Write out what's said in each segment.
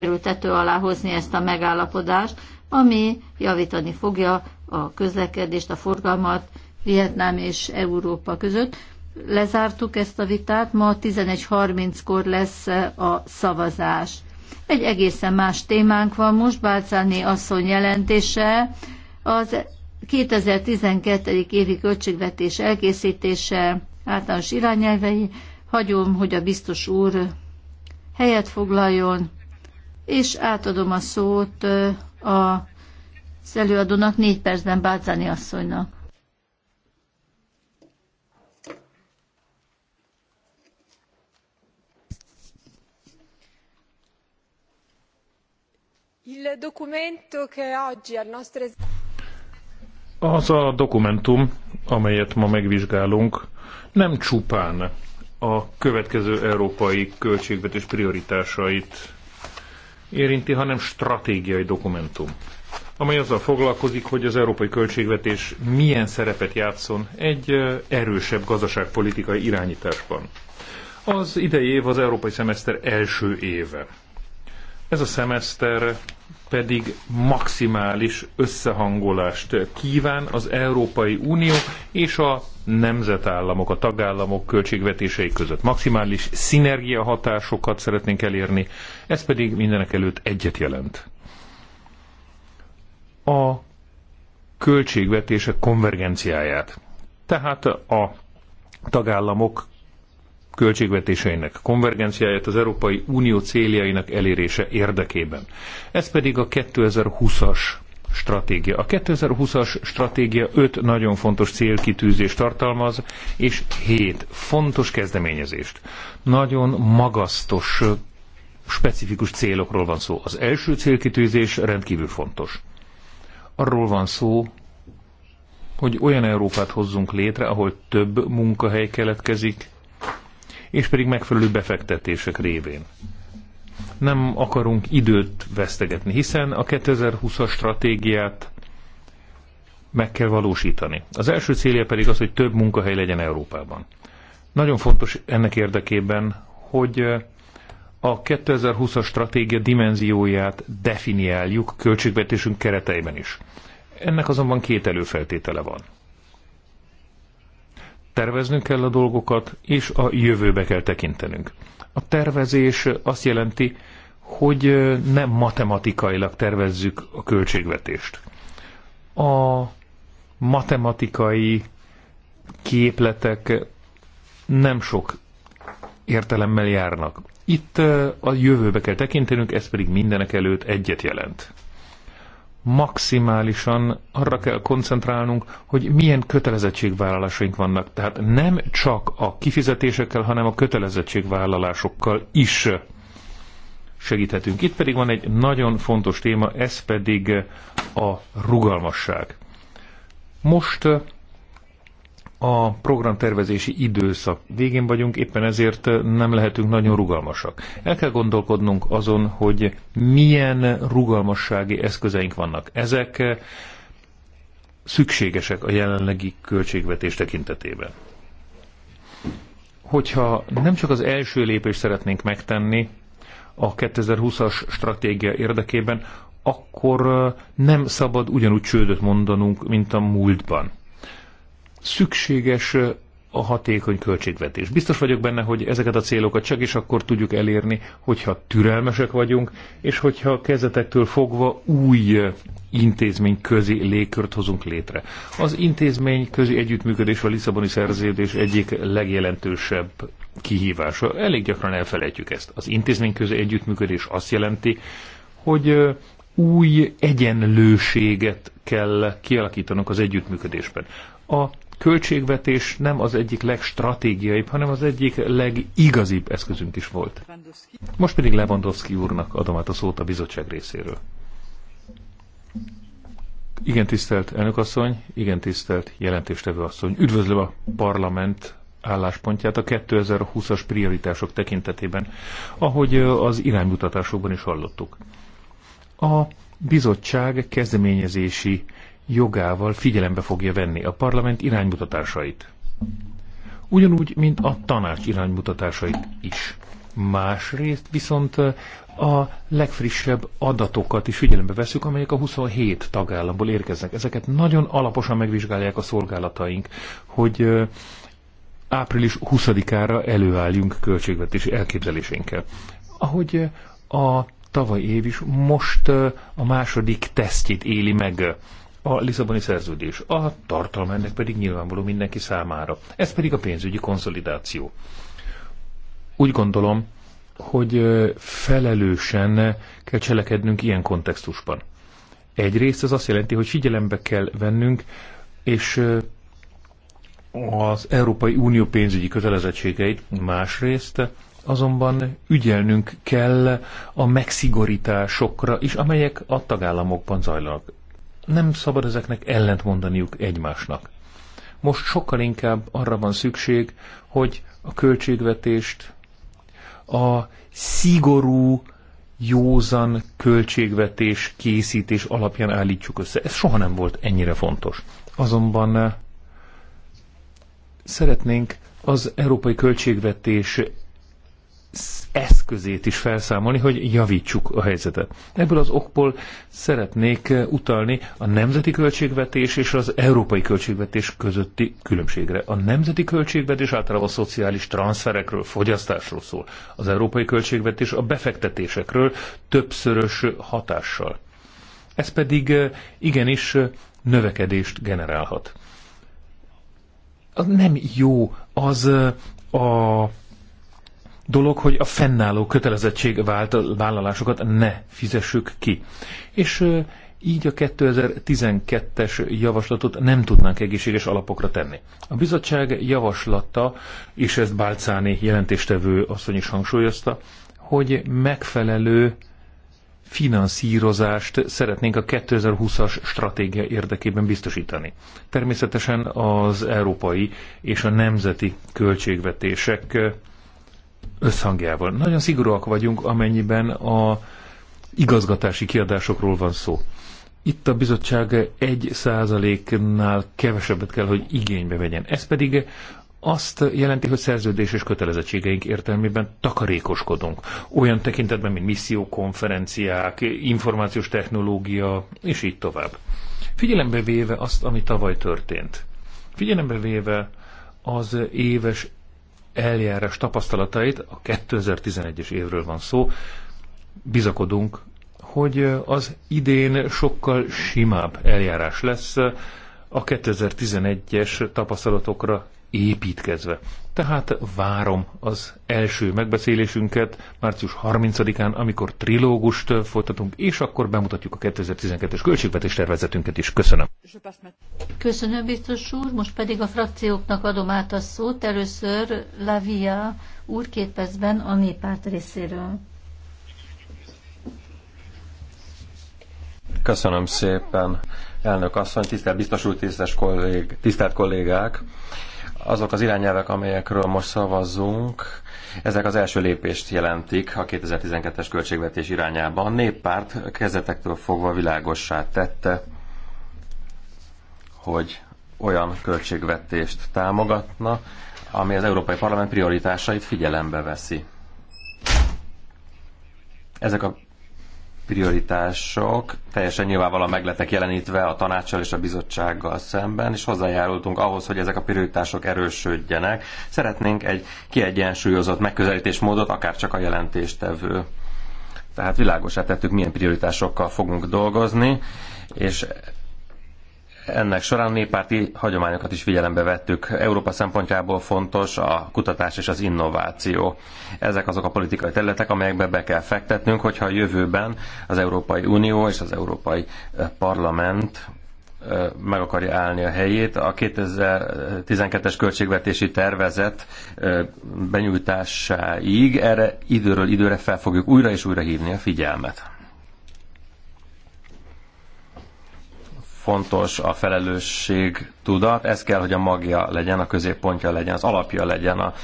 kerültető alá hozni ezt a megállapodást, ami javítani fogja a közlekedést, a forgalmat Vietnám és Európa között. Lezártuk ezt a vitát, ma 11.30-kor lesz a szavazás. Egy egészen más témánk van most, Bálcáni asszony jelentése, az 2012. évi költségvetés elkészítése általános irányelvei. Hagyom, hogy a biztos úr helyet foglaljon és átadom a szót a előadónak négy percben Bálcáni asszonynak. Az a dokumentum, amelyet ma megvizsgálunk, nem csupán a következő európai költségvetés prioritásait érinti, hanem stratégiai dokumentum, amely azzal foglalkozik, hogy az európai költségvetés milyen szerepet játszon egy erősebb gazdaságpolitikai irányításban. Az idei év az európai szemeszter első éve. Ez a szemeszter pedig maximális összehangolást kíván az Európai Unió és a nemzetállamok, a tagállamok költségvetései között. Maximális szinergiahatásokat hatásokat szeretnénk elérni, ez pedig mindenek előtt egyet jelent. A költségvetések konvergenciáját. Tehát a tagállamok költségvetéseinek konvergenciáját az Európai Unió céljainak elérése érdekében. Ez pedig a 2020-as stratégia. A 2020-as stratégia öt nagyon fontos célkitűzést tartalmaz, és hét fontos kezdeményezést. Nagyon magasztos, specifikus célokról van szó. Az első célkitűzés rendkívül fontos. Arról van szó, hogy olyan Európát hozzunk létre, ahol több munkahely keletkezik, és pedig megfelelő befektetések révén. Nem akarunk időt vesztegetni, hiszen a 2020-as stratégiát meg kell valósítani. Az első célja pedig az, hogy több munkahely legyen Európában. Nagyon fontos ennek érdekében, hogy a 2020-as stratégia dimenzióját definiáljuk költségvetésünk kereteiben is. Ennek azonban két előfeltétele van terveznünk kell a dolgokat, és a jövőbe kell tekintenünk. A tervezés azt jelenti, hogy nem matematikailag tervezzük a költségvetést. A matematikai képletek nem sok értelemmel járnak. Itt eh, a jövőbe kell tekintenünk, ez pedig mindenek előtt egyet jelent maximálisan arra kell koncentrálnunk, hogy milyen kötelezettségvállalásaink vannak. Tehát nem csak a kifizetésekkel, hanem a kötelezettségvállalásokkal is segíthetünk. Itt pedig van egy nagyon fontos téma, ez pedig a rugalmasság. Most a programtervezési időszak végén vagyunk, éppen ezért nem lehetünk nagyon rugalmasak. El kell gondolkodnunk azon, hogy milyen rugalmassági eszközeink vannak. Ezek szükségesek a jelenlegi költségvetés tekintetében. Hogyha nem csak az első lépést szeretnénk megtenni a 2020-as stratégia érdekében, akkor nem szabad ugyanúgy csődöt mondanunk, mint a múltban szükséges a hatékony költségvetés. Biztos vagyok benne, hogy ezeket a célokat csak is akkor tudjuk elérni, hogyha türelmesek vagyunk, és hogyha kezdetektől fogva új intézmény közi légkört hozunk létre. Az intézmény közi együttműködés a Lisszaboni szerződés egyik legjelentősebb kihívása. Elég gyakran elfelejtjük ezt. Az intézmény közi együttműködés azt jelenti, hogy új egyenlőséget kell kialakítanunk az együttműködésben. A költségvetés nem az egyik legstratégiaibb, hanem az egyik legigazibb eszközünk is volt. Most pedig Lewandowski úrnak adom át a szót a bizottság részéről. Igen tisztelt elnökasszony, igen tisztelt jelentéstevő asszony. Üdvözlöm a parlament álláspontját a 2020-as prioritások tekintetében, ahogy az iránymutatásokban is hallottuk. A bizottság kezdeményezési jogával figyelembe fogja venni a parlament iránymutatásait. Ugyanúgy, mint a tanács iránymutatásait is. Másrészt viszont a legfrissebb adatokat is figyelembe veszük, amelyek a 27 tagállamból érkeznek. Ezeket nagyon alaposan megvizsgálják a szolgálataink, hogy április 20-ára előálljunk költségvetési elképzelésénkkel. Ahogy a tavaly év is most a második tesztjét éli meg a Lisszaboni szerződés, a tartalma ennek pedig nyilvánvaló mindenki számára. Ez pedig a pénzügyi konszolidáció. Úgy gondolom, hogy felelősen kell cselekednünk ilyen kontextusban. Egyrészt ez azt jelenti, hogy figyelembe kell vennünk, és az Európai Unió pénzügyi kötelezettségeit, másrészt azonban ügyelnünk kell a megszigorításokra is, amelyek a tagállamokban zajlanak nem szabad ezeknek mondaniuk egymásnak. Most sokkal inkább arra van szükség, hogy a költségvetést a szigorú, józan költségvetés készítés alapján állítsuk össze. Ez soha nem volt ennyire fontos. Azonban eh, szeretnénk az európai költségvetés eszközét is felszámolni, hogy javítsuk a helyzetet. Ebből az okból szeretnék eh, utalni a nemzeti költségvetés és az európai költségvetés közötti különbségre. A nemzeti költségvetés általában a szociális transferekről, fogyasztásról szól. Az európai költségvetés a befektetésekről többszörös hatással. Ez pedig eh, igenis eh, növekedést generálhat. Az nem jó az a dolog, hogy a fennálló vállalásokat ne fizessük ki. És így a 2012-es javaslatot nem tudnánk egészséges alapokra tenni. A bizottság javaslata, és ezt Bálcáni jelentéstevő asszony is hangsúlyozta, hogy megfelelő finanszírozást szeretnénk a 2020-as stratégia érdekében biztosítani. Természetesen az európai és a nemzeti költségvetések összhangjával. Nagyon szigorúak vagyunk, amennyiben a igazgatási kiadásokról van szó. Itt a bizottság egy százaléknál kevesebbet kell, hogy igénybe vegyen. Ez pedig azt jelenti, hogy szerződéses kötelezettségeink értelmében takarékoskodunk. Olyan tekintetben, mint missziókonferenciák, információs technológia, és így tovább. Figyelembe véve azt, ami tavaly történt. Figyelembe véve az éves eljárás tapasztalatait, a 2011-es évről van szó, bizakodunk, hogy az idén sokkal simább eljárás lesz, a 2011-es tapasztalatokra építkezve. Tehát várom az első megbeszélésünket március 30-án, amikor trilógust folytatunk, és akkor bemutatjuk a 2012-es költségvetés tervezetünket is. Köszönöm. Köszönöm, biztos úr. Most pedig a frakcióknak adom át a szót. Először Lavia úr képezben a népárt részéről. Köszönöm szépen, elnök asszony, tisztelt biztos úr, tisztelt, kollég, tisztelt kollégák. Azok az irányelvek, amelyekről most szavazzunk, ezek az első lépést jelentik a 2012-es költségvetés irányába. A néppárt kezdetektől fogva világossá tette, hogy olyan költségvetést támogatna, ami az Európai Parlament prioritásait figyelembe veszi. Ezek a prioritások teljesen nyilvánvalóan meglettek jelenítve a tanácssal és a bizottsággal szemben, és hozzájárultunk ahhoz, hogy ezek a prioritások erősödjenek. Szeretnénk egy kiegyensúlyozott megközelítésmódot, akár csak a jelentéstevő. Tehát világosá tettük, milyen prioritásokkal fogunk dolgozni, és ennek során a néppárti hagyományokat is figyelembe vettük. Európa szempontjából fontos a kutatás és az innováció. Ezek azok a politikai területek, amelyekbe be kell fektetnünk, hogyha a jövőben az Európai Unió és az Európai Parlament meg akarja állni a helyét. A 2012-es költségvetési tervezet benyújtásáig erre időről időre fel fogjuk újra és újra hívni a figyelmet. fontos a felelősség tudat, ez kell, hogy a magja legyen, a középpontja legyen, az alapja legyen a,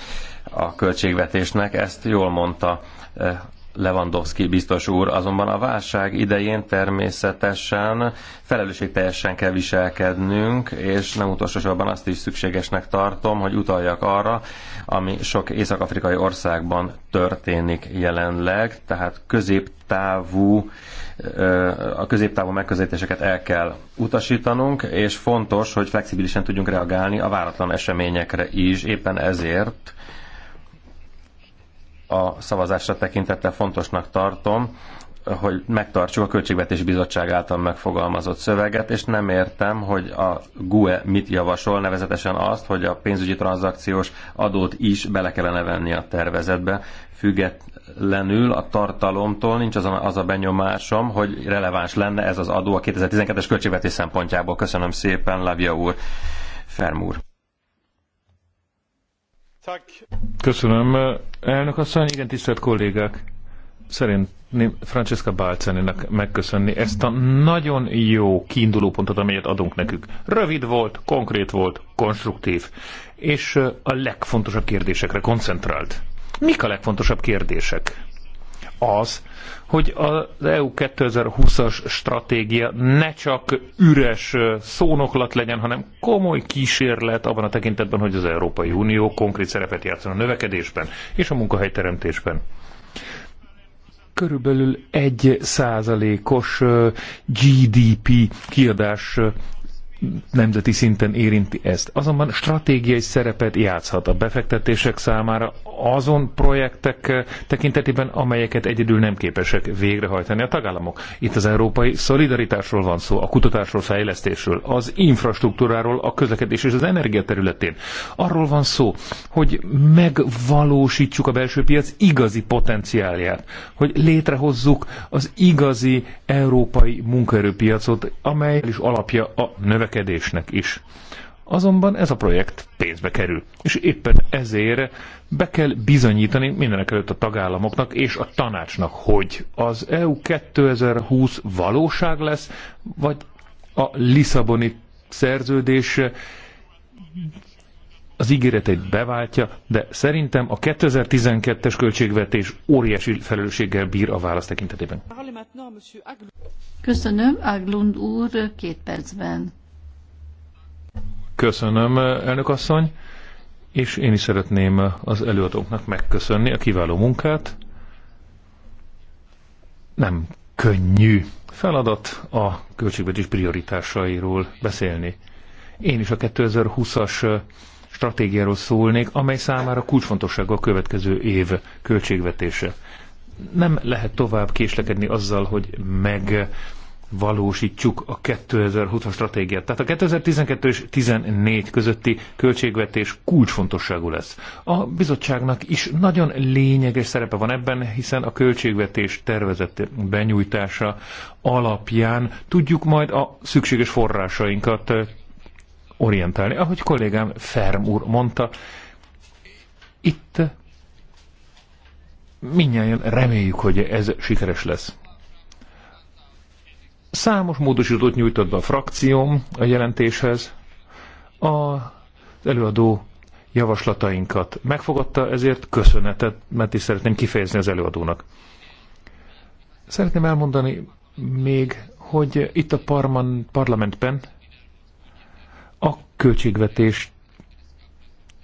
a költségvetésnek, ezt jól mondta eh, Lewandowski biztos úr, azonban a válság idején természetesen felelősségteljesen kell viselkednünk, és nem utolsó sorban azt is szükségesnek tartom, hogy utaljak arra, ami sok észak-afrikai országban történik jelenleg, tehát középtávú a középtávú megközelítéseket el kell utasítanunk, és fontos, hogy flexibilisen tudjunk reagálni a váratlan eseményekre is. Éppen ezért a szavazásra tekintettel fontosnak tartom, hogy megtartsuk a Költségvetési Bizottság által megfogalmazott szöveget, és nem értem, hogy a GUE mit javasol, nevezetesen azt, hogy a pénzügyi tranzakciós adót is bele kellene venni a tervezetbe. Függetlenül a tartalomtól nincs az a, az a benyomásom, hogy releváns lenne ez az adó a 2012-es költségvetés szempontjából. Köszönöm szépen, Lavia úr, Fermúr. Köszönöm. Elnök asszony, igen, tisztelt kollégák. Szerintem Francesca Balceninek megköszönni ezt a nagyon jó kiindulópontot, amelyet adunk nekük. Rövid volt, konkrét volt, konstruktív, és a legfontosabb kérdésekre koncentrált. Mik a legfontosabb kérdések? az, hogy az EU 2020-as stratégia ne csak üres szónoklat legyen, hanem komoly kísérlet abban a tekintetben, hogy az Európai Unió konkrét szerepet játszon a növekedésben és a munkahelyteremtésben körülbelül egy százalékos GDP kiadás nemzeti szinten érinti ezt. Azonban stratégiai szerepet játszhat a befektetések számára azon projektek eh, tekintetében, amelyeket egyedül nem képesek végrehajtani a tagállamok. Itt az európai szolidaritásról van szó, a kutatásról, fejlesztésről, az infrastruktúráról, a közlekedés és az energia területén. Arról van szó, hogy megvalósítsuk a belső piac igazi potenciálját, hogy létrehozzuk az igazi európai munkaerőpiacot, amely is alapja a növekedés közlekedésnek is. Azonban ez a projekt pénzbe kerül, és éppen ezért be kell bizonyítani mindenek előtt a tagállamoknak és a tanácsnak, hogy az EU 2020 valóság lesz, vagy a Lisszaboni szerződés az ígéreteit beváltja, de szerintem a 2012-es költségvetés óriási felelősséggel bír a válasz tekintetében. Köszönöm, Aglund úr, két percben. Köszönöm, elnök asszony, és én is szeretném az előadóknak megköszönni a kiváló munkát. Nem könnyű feladat a költségvetés prioritásairól beszélni. Én is a 2020-as stratégiáról szólnék, amely számára kulcsfontosságú a következő év költségvetése. Nem lehet tovább késlekedni azzal, hogy meg valósítjuk a 2020-as stratégiát. Tehát a 2012 és 2014 közötti költségvetés kulcsfontosságú lesz. A bizottságnak is nagyon lényeges szerepe van ebben, hiszen a költségvetés tervezett benyújtása alapján tudjuk majd a szükséges forrásainkat eh, orientálni. Ahogy kollégám Ferm úr mondta, itt minnyáján reméljük, hogy ez sikeres lesz. Számos módosítót nyújtott be a frakcióm a jelentéshez. A előadó javaslatainkat megfogadta, ezért köszönetet, mert is szeretném kifejezni az előadónak. Szeretném elmondani még, hogy itt a parman, parlamentben a költségvetés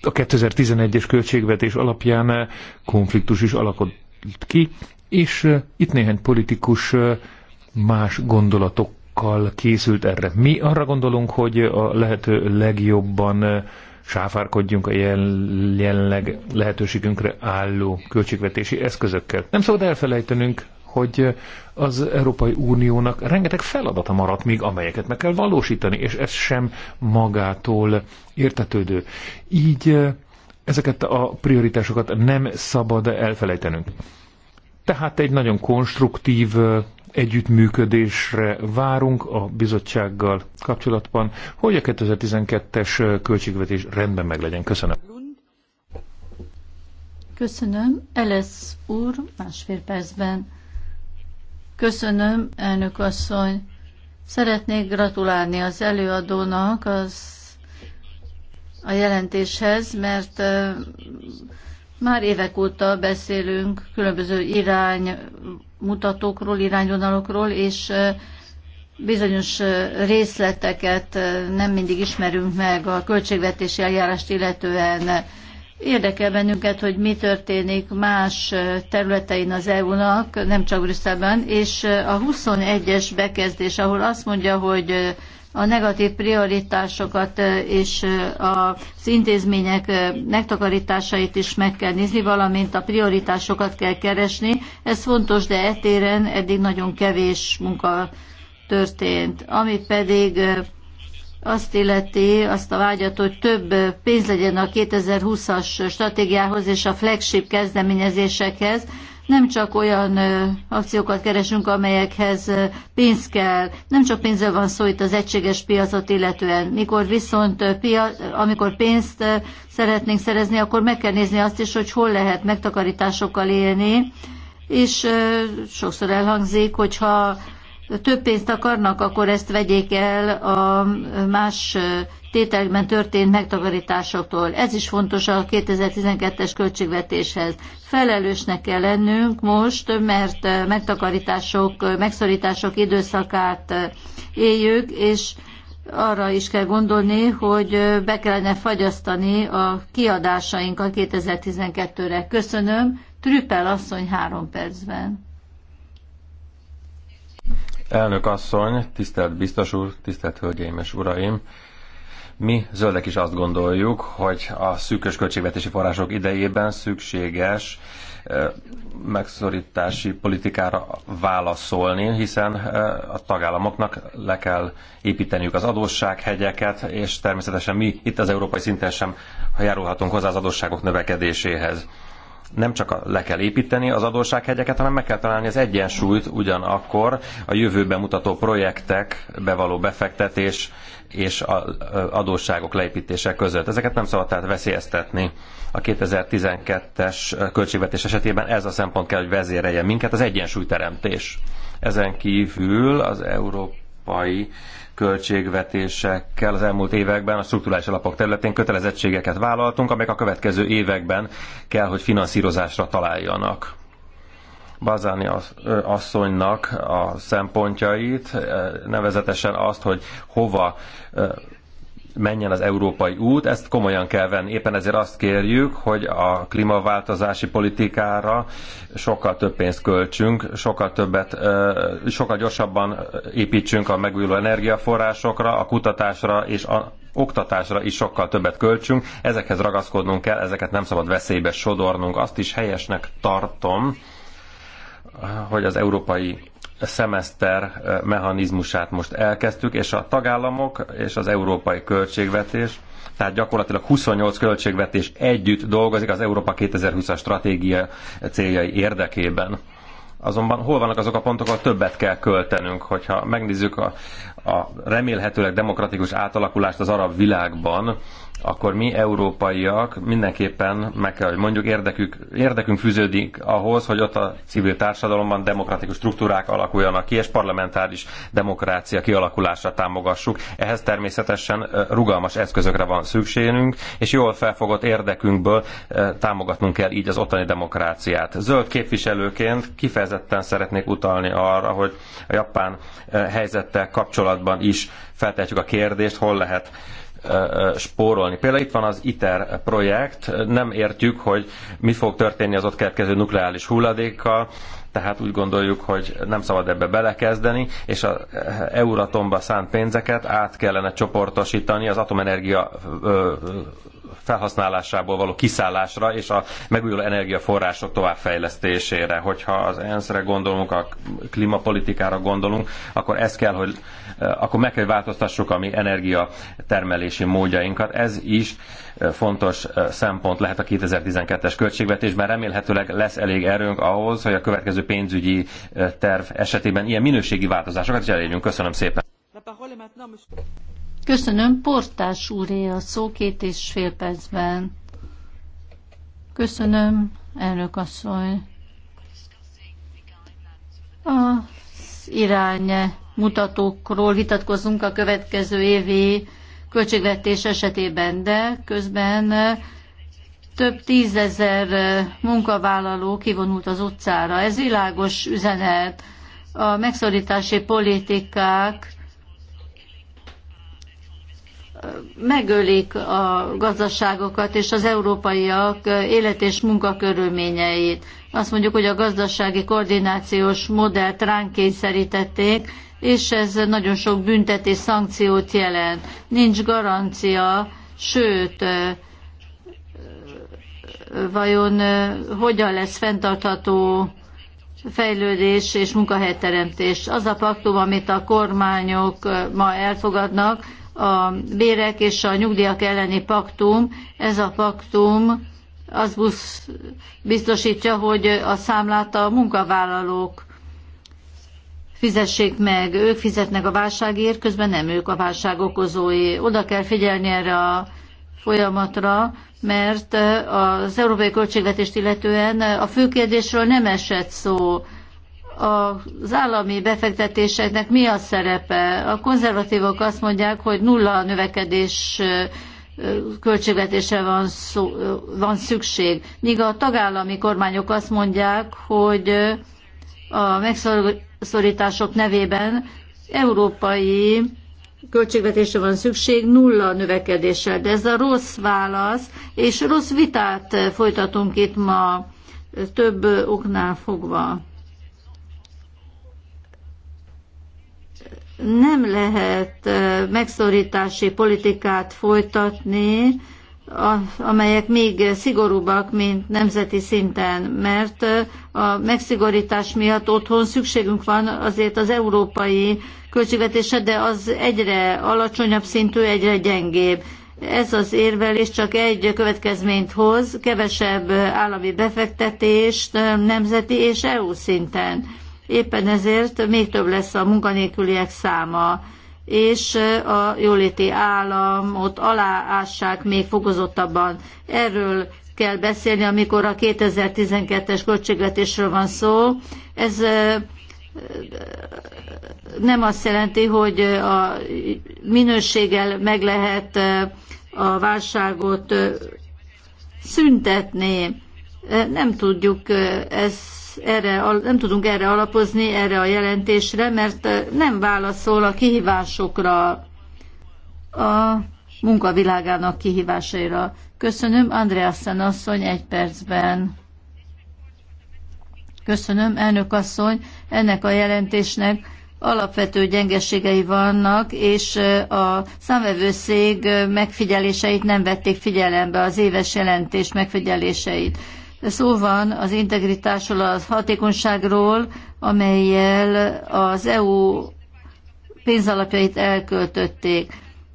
a 2011-es költségvetés alapján konfliktus is alakult ki, és itt néhány politikus más gondolatokkal készült erre. Mi arra gondolunk, hogy a lehető legjobban sáfárkodjunk a jelenleg lehetőségünkre álló költségvetési eszközökkel. Nem szabad elfelejtenünk, hogy az Európai Uniónak rengeteg feladata maradt még, amelyeket meg kell valósítani, és ez sem magától értetődő. Így ezeket a prioritásokat nem szabad elfelejtenünk. Tehát egy nagyon konstruktív együttműködésre várunk a bizottsággal kapcsolatban, hogy a 2012-es költségvetés rendben meg legyen. Köszönöm. Köszönöm. Elesz úr, másfél percben. Köszönöm, elnök asszony. Szeretnék gratulálni az előadónak az, a jelentéshez, mert már évek óta beszélünk különböző iránymutatókról, irányvonalokról, és bizonyos részleteket nem mindig ismerünk meg a költségvetési eljárást illetően. Érdekel bennünket, hogy mi történik más területein az EU-nak, nem csak Brüsszelben, és a 21-es bekezdés, ahol azt mondja, hogy a negatív prioritásokat és az intézmények megtakarításait is meg kell nézni, valamint a prioritásokat kell keresni. Ez fontos, de etéren eddig nagyon kevés munka történt. Ami pedig azt illeti, azt a vágyat, hogy több pénz legyen a 2020-as stratégiához és a flagship kezdeményezésekhez, nem csak olyan akciókat keresünk, amelyekhez pénz kell, nem csak pénzzel van szó itt az egységes piacot illetően. Mikor viszont pia, amikor pénzt szeretnénk szerezni, akkor meg kell nézni azt is, hogy hol lehet megtakarításokkal élni, és sokszor elhangzik, hogyha több pénzt akarnak, akkor ezt vegyék el a más tételben történt megtakarításoktól. Ez is fontos a 2012-es költségvetéshez. Felelősnek kell lennünk most, mert megtakarítások, megszorítások időszakát éljük, és arra is kell gondolni, hogy be kellene fagyasztani a kiadásainkat 2012-re. Köszönöm. Trüppel asszony három percben. Elnök asszony, tisztelt biztos úr, tisztelt hölgyeim és uraim! Mi zöldek is azt gondoljuk, hogy a szűkös költségvetési források idejében szükséges megszorítási politikára válaszolni, hiszen a tagállamoknak le kell építeniük az adóssághegyeket, és természetesen mi itt az európai szinten sem járulhatunk hozzá az adósságok növekedéséhez nem csak le kell építeni az adóssághegyeket, hanem meg kell találni az egyensúlyt ugyanakkor a jövőben mutató projektek bevaló befektetés és a adósságok leépítése között. Ezeket nem szabad tehát veszélyeztetni. A 2012-es költségvetés esetében ez a szempont kell, hogy vezérelje minket, az egyensúlyteremtés. Ezen kívül az európai költségvetésekkel az elmúlt években a struktúrális alapok területén kötelezettségeket vállaltunk, amelyek a következő években kell, hogy finanszírozásra találjanak. Bazáni asszonynak a szempontjait, nevezetesen azt, hogy hova menjen az európai út, ezt komolyan kell venni. Éppen ezért azt kérjük, hogy a klímaváltozási politikára sokkal több pénzt költsünk, sokkal többet, sokkal gyorsabban építsünk a megújuló energiaforrásokra, a kutatásra és a oktatásra is sokkal többet költsünk. Ezekhez ragaszkodnunk kell, ezeket nem szabad veszélybe sodornunk. Azt is helyesnek tartom, hogy az európai szemeszter eh, mechanizmusát most elkezdtük, és a tagállamok és az európai költségvetés, tehát gyakorlatilag 28 költségvetés együtt dolgozik az Európa 2020-as stratégia céljai érdekében. Azonban hol vannak azok a pontok, ahol többet kell költenünk? Hogyha megnézzük a, a remélhetőleg demokratikus átalakulást az arab világban, akkor mi európaiak mindenképpen meg kell, hogy mondjuk érdekük, érdekünk fűződik ahhoz, hogy ott a civil társadalomban demokratikus struktúrák alakuljanak ki, és parlamentáris demokrácia kialakulását támogassuk. Ehhez természetesen rugalmas eszközökre van szükségünk, és jól felfogott érdekünkből támogatnunk kell így az ottani demokráciát. Zöld képviselőként kifejezetten szeretnék utalni arra, hogy a japán helyzettel kapcsolatban is feltehetjük a kérdést, hol lehet spórolni. Például itt van az ITER projekt, nem értjük, hogy mi fog történni az ott keletkező nukleáris hulladékkal, tehát úgy gondoljuk, hogy nem szabad ebbe belekezdeni, és az eh, Euratomba szánt pénzeket át kellene csoportosítani az atomenergia felhasználásából való kiszállásra és a megújuló energiaforrások továbbfejlesztésére. Hogyha az ENSZ-re gondolunk, a klímapolitikára gondolunk, akkor ez kell, hogy eh, akkor meg kell változtassuk a mi energiatermelési módjainkat. Ez is eh, fontos eh, szempont lehet a 2012-es költségvetésben. Remélhetőleg lesz elég erőnk ahhoz, hogy a következő pénzügyi terv esetében ilyen minőségi változásokat is elérjünk. Köszönöm szépen. Köszönöm, Portás úré a szó két és fél percben. Köszönöm, elnök asszony. Az irány mutatókról vitatkozunk a következő évi költségvetés esetében, de közben több tízezer munkavállaló kivonult az utcára. Ez világos üzenet. A megszorítási politikák megölik a gazdaságokat és az európaiak élet és munkakörülményeit. Azt mondjuk, hogy a gazdasági koordinációs modellt ránk kényszerítették, és ez nagyon sok büntetés szankciót jelent. Nincs garancia, sőt, vajon hogyan lesz fenntartható fejlődés és munkahelyteremtés. Az a paktum, amit a kormányok ma elfogadnak, a bérek és a nyugdíjak elleni paktum. Ez a paktum az busz biztosítja, hogy a számlát a munkavállalók fizessék meg, ők fizetnek a válságért, közben nem ők a válság okozói. Oda kell figyelni erre a folyamatra, mert az európai költségvetést illetően a fő kérdésről nem esett szó az állami befektetéseknek mi a szerepe? A konzervatívok azt mondják, hogy nulla növekedés költségvetése van, szó, van szükség. Míg a tagállami kormányok azt mondják, hogy a megszorítások nevében európai költségvetése van szükség nulla növekedéssel. De ez a rossz válasz, és rossz vitát folytatunk itt ma több oknál fogva. nem lehet megszorítási politikát folytatni, amelyek még szigorúbbak, mint nemzeti szinten, mert a megszigorítás miatt otthon szükségünk van azért az európai költségvetése, de az egyre alacsonyabb szintű, egyre gyengébb. Ez az érvelés csak egy következményt hoz, kevesebb állami befektetést nemzeti és EU szinten éppen ezért még több lesz a munkanélküliek száma, és a jóléti államot aláássák még fokozottabban. Erről kell beszélni, amikor a 2012-es költségvetésről van szó. Ez nem azt jelenti, hogy a minőséggel meg lehet a válságot szüntetni. Nem tudjuk ezt erre, nem tudunk erre alapozni, erre a jelentésre, mert eh, nem válaszol a kihívásokra, a munkavilágának kihívásaira. Köszönöm, Andreasen asszony, egy percben. Köszönöm, elnök asszony, ennek a jelentésnek alapvető gyengeségei vannak, és eh, a számvevőszég eh, megfigyeléseit nem vették figyelembe, az éves jelentés megfigyeléseit. Szó van az integritásról, a hatékonyságról, amelyel az EU pénzalapjait elköltötték.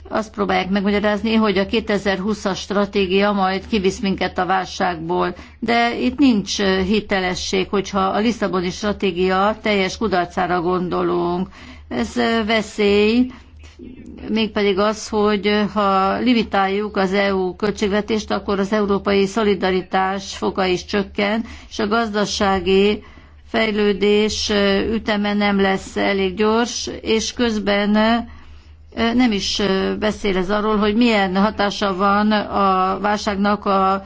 Azt próbálják megmagyarázni, hogy a 2020-as stratégia majd kivisz minket a válságból, de itt nincs hitelesség, hogyha a Lisszaboni stratégia teljes kudarcára gondolunk. Ez veszély, mégpedig az, hogy eh, ha limitáljuk az EU költségvetést, akkor az európai szolidaritás foka is csökken, és a gazdasági fejlődés eh, üteme nem lesz elég gyors, és közben eh, nem is beszél ez arról, hogy milyen hatása van a válságnak a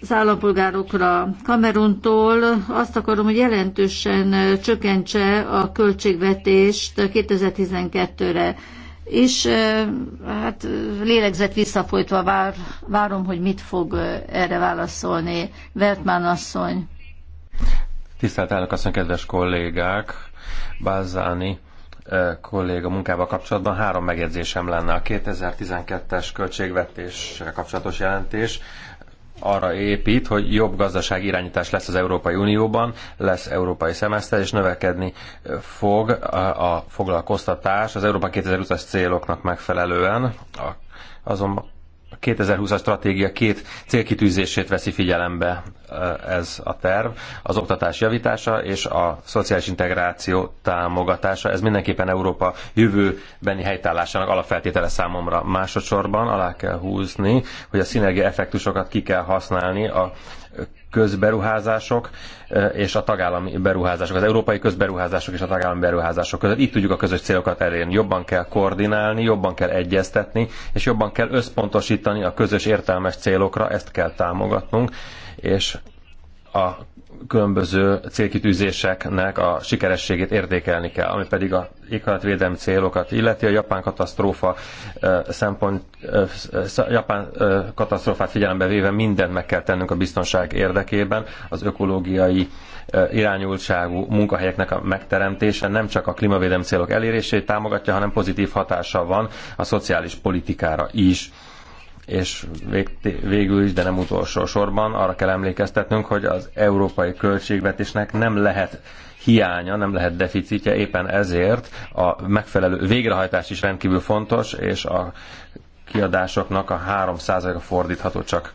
az állampolgárokra Kameruntól. Azt akarom, hogy jelentősen csökkentse a költségvetést 2012-re. És hát lélegzett visszafolytva vár, várom, hogy mit fog erre válaszolni Vertmán asszony. Tisztelt elnök asszony, kedves kollégák! Bázáni kolléga munkával kapcsolatban három megjegyzésem lenne. A 2012-es költségvetéssel kapcsolatos jelentés arra épít, hogy jobb gazdasági irányítás lesz az Európai Unióban, lesz európai szemeszter, és növekedni fog a foglalkoztatás az Európa 2020-as céloknak megfelelően. Azonban a 2020-as stratégia két célkitűzését veszi figyelembe ez a terv, az oktatás javítása és a szociális integráció támogatása. Ez mindenképpen Európa jövőbeni helytállásának alapfeltétele számomra. Másodszorban alá kell húzni, hogy a szinergia effektusokat ki kell használni a közberuházások és a tagállami beruházások, az európai közberuházások és a tagállami beruházások között. Itt tudjuk a közös célokat elérni. Jobban kell koordinálni, jobban kell egyeztetni, és jobban kell összpontosítani a közös értelmes célokra, ezt kell támogatnunk, és a különböző célkitűzéseknek a sikerességét értékelni kell, ami pedig a éghajlatvédelmi célokat illeti. A japán katasztrófa szempont, japán katasztrófát figyelembe véve mindent meg kell tennünk a biztonság érdekében. Az ökológiai irányultságú munkahelyeknek a megteremtése nem csak a klímavédelmi célok elérését támogatja, hanem pozitív hatása van a szociális politikára is és végül is, de nem utolsó sorban arra kell emlékeztetnünk, hogy az európai költségvetésnek nem lehet hiánya, nem lehet deficitje, éppen ezért a megfelelő végrehajtás is rendkívül fontos, és a kiadásoknak a 3%-a fordítható csak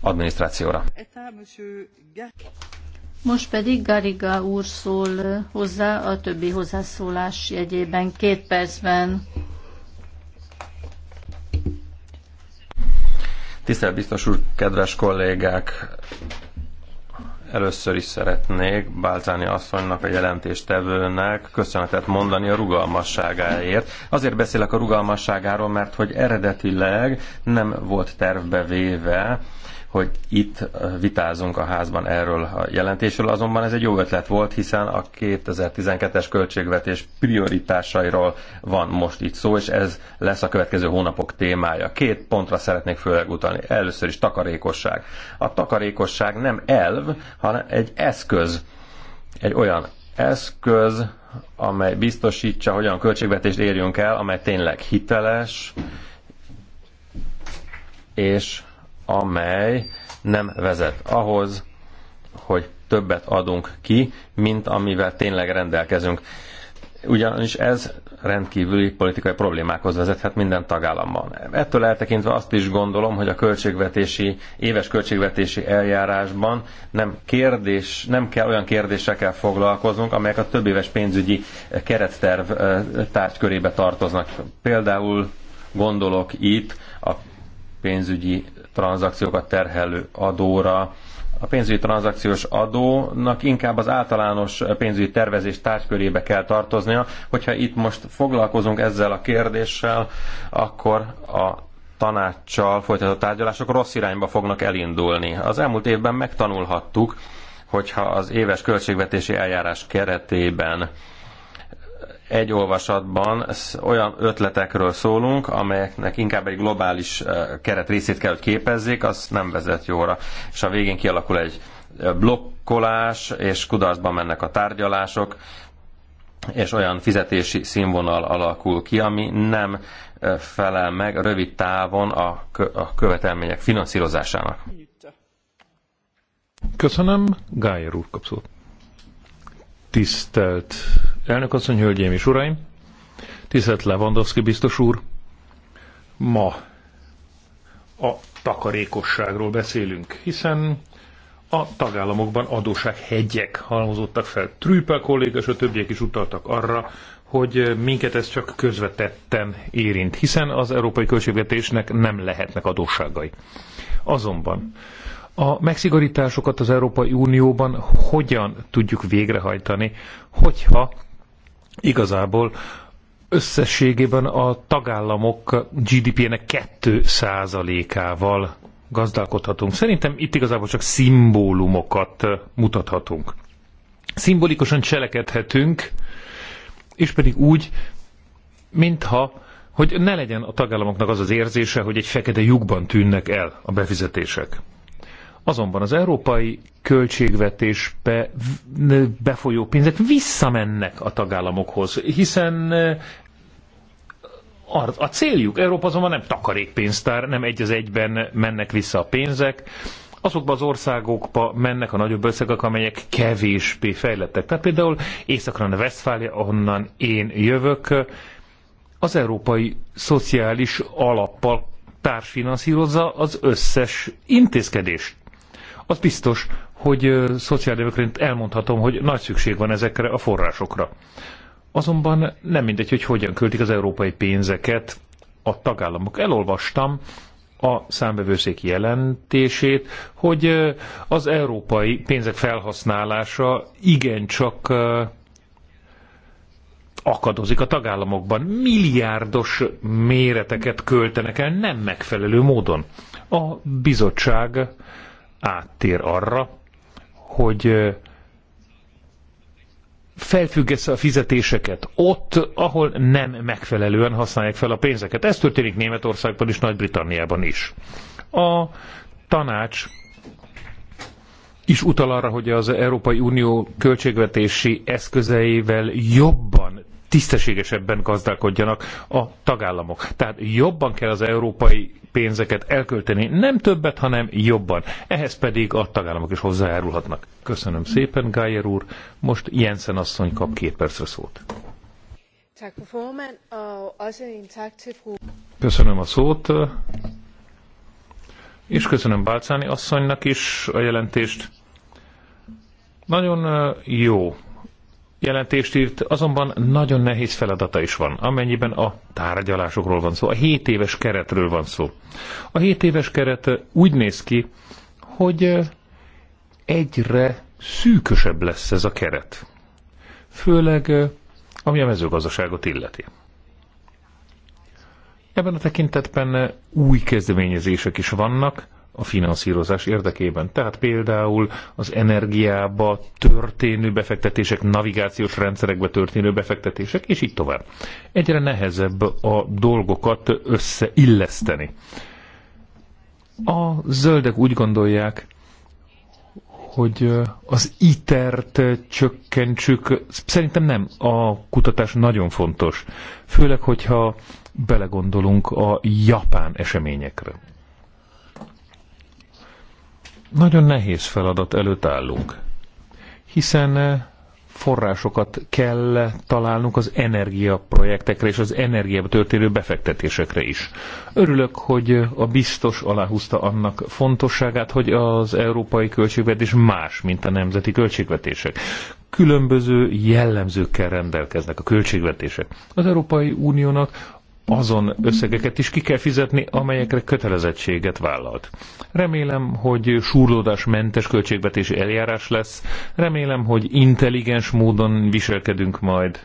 adminisztrációra. Most pedig Gariga úr szól hozzá a többi hozzászólás jegyében két percben. Tisztelt biztos úr, kedves kollégák! Először is szeretnék Bálcáni asszonynak, a jelentéstevőnek köszönetet mondani a rugalmasságáért. Azért beszélek a rugalmasságáról, mert hogy eredetileg nem volt tervbe véve, hogy itt vitázunk a házban erről a jelentésről, azonban ez egy jó ötlet volt, hiszen a 2012-es költségvetés prioritásairól van most itt szó, és ez lesz a következő hónapok témája. Két pontra szeretnék főleg utalni. Először is takarékosság. A takarékosság nem elv, hanem egy eszköz. Egy olyan eszköz, amely biztosítsa, hogy olyan költségvetést érjünk el, amely tényleg hiteles, és amely nem vezet ahhoz, hogy többet adunk ki, mint amivel tényleg rendelkezünk. Ugyanis ez rendkívüli politikai problémákhoz vezethet minden tagállamban. Ettől eltekintve azt is gondolom, hogy a költségvetési, éves költségvetési eljárásban nem, kérdés, nem kell olyan kérdésekkel foglalkoznunk, amelyek a több éves pénzügyi keretterv tárgykörébe tartoznak. Például gondolok itt a pénzügyi tranzakciókat terhelő adóra. A pénzügyi tranzakciós adónak inkább az általános pénzügyi tervezés tárgykörébe kell tartoznia. Hogyha itt most foglalkozunk ezzel a kérdéssel, akkor a tanácssal folytatott tárgyalások rossz irányba fognak elindulni. Az elmúlt évben megtanulhattuk, hogyha az éves költségvetési eljárás keretében egy olvasatban olyan ötletekről szólunk, amelyeknek inkább egy globális keret részét kell, hogy képezzék, az nem vezet jóra. És a végén kialakul egy blokkolás, és kudarcba mennek a tárgyalások, és olyan fizetési színvonal alakul ki, ami nem felel meg rövid távon a, követelmények finanszírozásának. Köszönöm, Gájer úr kapszott. Tisztelt asszony, hölgyeim és uraim! Tisztelt Lewandowski biztos úr! Ma a takarékosságról beszélünk, hiszen a tagállamokban hegyek halmozottak fel. Trüppel kolléga és a többiek is utaltak arra, hogy minket ez csak közvetetten érint, hiszen az európai költségvetésnek nem lehetnek adósságai. Azonban a megszigorításokat az Európai Unióban hogyan tudjuk végrehajtani, hogyha igazából összességében a tagállamok GDP-nek 2%-ával gazdálkodhatunk. Szerintem itt igazából csak szimbólumokat mutathatunk. Szimbolikusan cselekedhetünk, és pedig úgy, mintha hogy ne legyen a tagállamoknak az az érzése, hogy egy fekete lyukban tűnnek el a befizetések. Azonban az európai költségvetésbe befolyó pénzek visszamennek a tagállamokhoz, hiszen eh, a céljuk, Európa azonban nem takarékpénztár, nem egy az egyben mennek vissza a pénzek, azokba az országokba mennek a nagyobb összegek, amelyek kevésbé fejlettek. Tehát például északra a Westfália, ahonnan én jövök, az európai szociális alappal társfinanszírozza az összes intézkedést. Az biztos, hogy szociáldemokrant elmondhatom, hogy nagy szükség van ezekre a forrásokra. Azonban nem mindegy, hogy hogyan költik az európai pénzeket a tagállamok. Elolvastam a számbevőszék jelentését, hogy az európai pénzek felhasználása igencsak akadozik a tagállamokban. Milliárdos méreteket költenek el nem megfelelő módon. A bizottság áttér arra, hogy felfüggesz a fizetéseket ott, ahol nem megfelelően használják fel a pénzeket. Ez történik Németországban és Nagy-Britanniában is. A tanács is utal arra, hogy az Európai Unió költségvetési eszközeivel jobban tisztességesebben gazdálkodjanak a tagállamok. Tehát jobban kell az európai pénzeket elkölteni, nem többet, hanem jobban. Ehhez pedig a tagállamok is hozzájárulhatnak. Köszönöm szépen, Gájer úr. Most Jensen asszony kap két percre szót. Köszönöm a szót, és köszönöm Bálcáni asszonynak is a jelentést. Nagyon jó jelentést írt, azonban nagyon nehéz feladata is van, amennyiben a tárgyalásokról van szó, a 7 éves keretről van szó. A 7 éves keret úgy néz ki, hogy egyre szűkösebb lesz ez a keret. Főleg ami a mezőgazdaságot illeti. Ebben a tekintetben új kezdeményezések is vannak, a finanszírozás érdekében. Tehát például az energiába történő befektetések, navigációs rendszerekbe történő befektetések, és így tovább. Egyre nehezebb a dolgokat összeilleszteni. A zöldek úgy gondolják, hogy az ITER-t csökkentsük. Szerintem nem. A kutatás nagyon fontos. Főleg, hogyha belegondolunk a japán eseményekre. Nagyon nehéz feladat előtt állunk, hiszen eh, forrásokat kell találnunk az energiaprojektekre és az energiába történő befektetésekre is. Örülök, hogy eh, a biztos aláhúzta annak fontosságát, hogy az európai költségvetés más, mint a nemzeti költségvetések. Különböző jellemzőkkel rendelkeznek a költségvetések. Az Európai Uniónak azon összegeket is ki kell fizetni, amelyekre kötelezettséget vállalt. Remélem, hogy súrlódásmentes költségvetési eljárás lesz, remélem, hogy intelligens módon viselkedünk majd,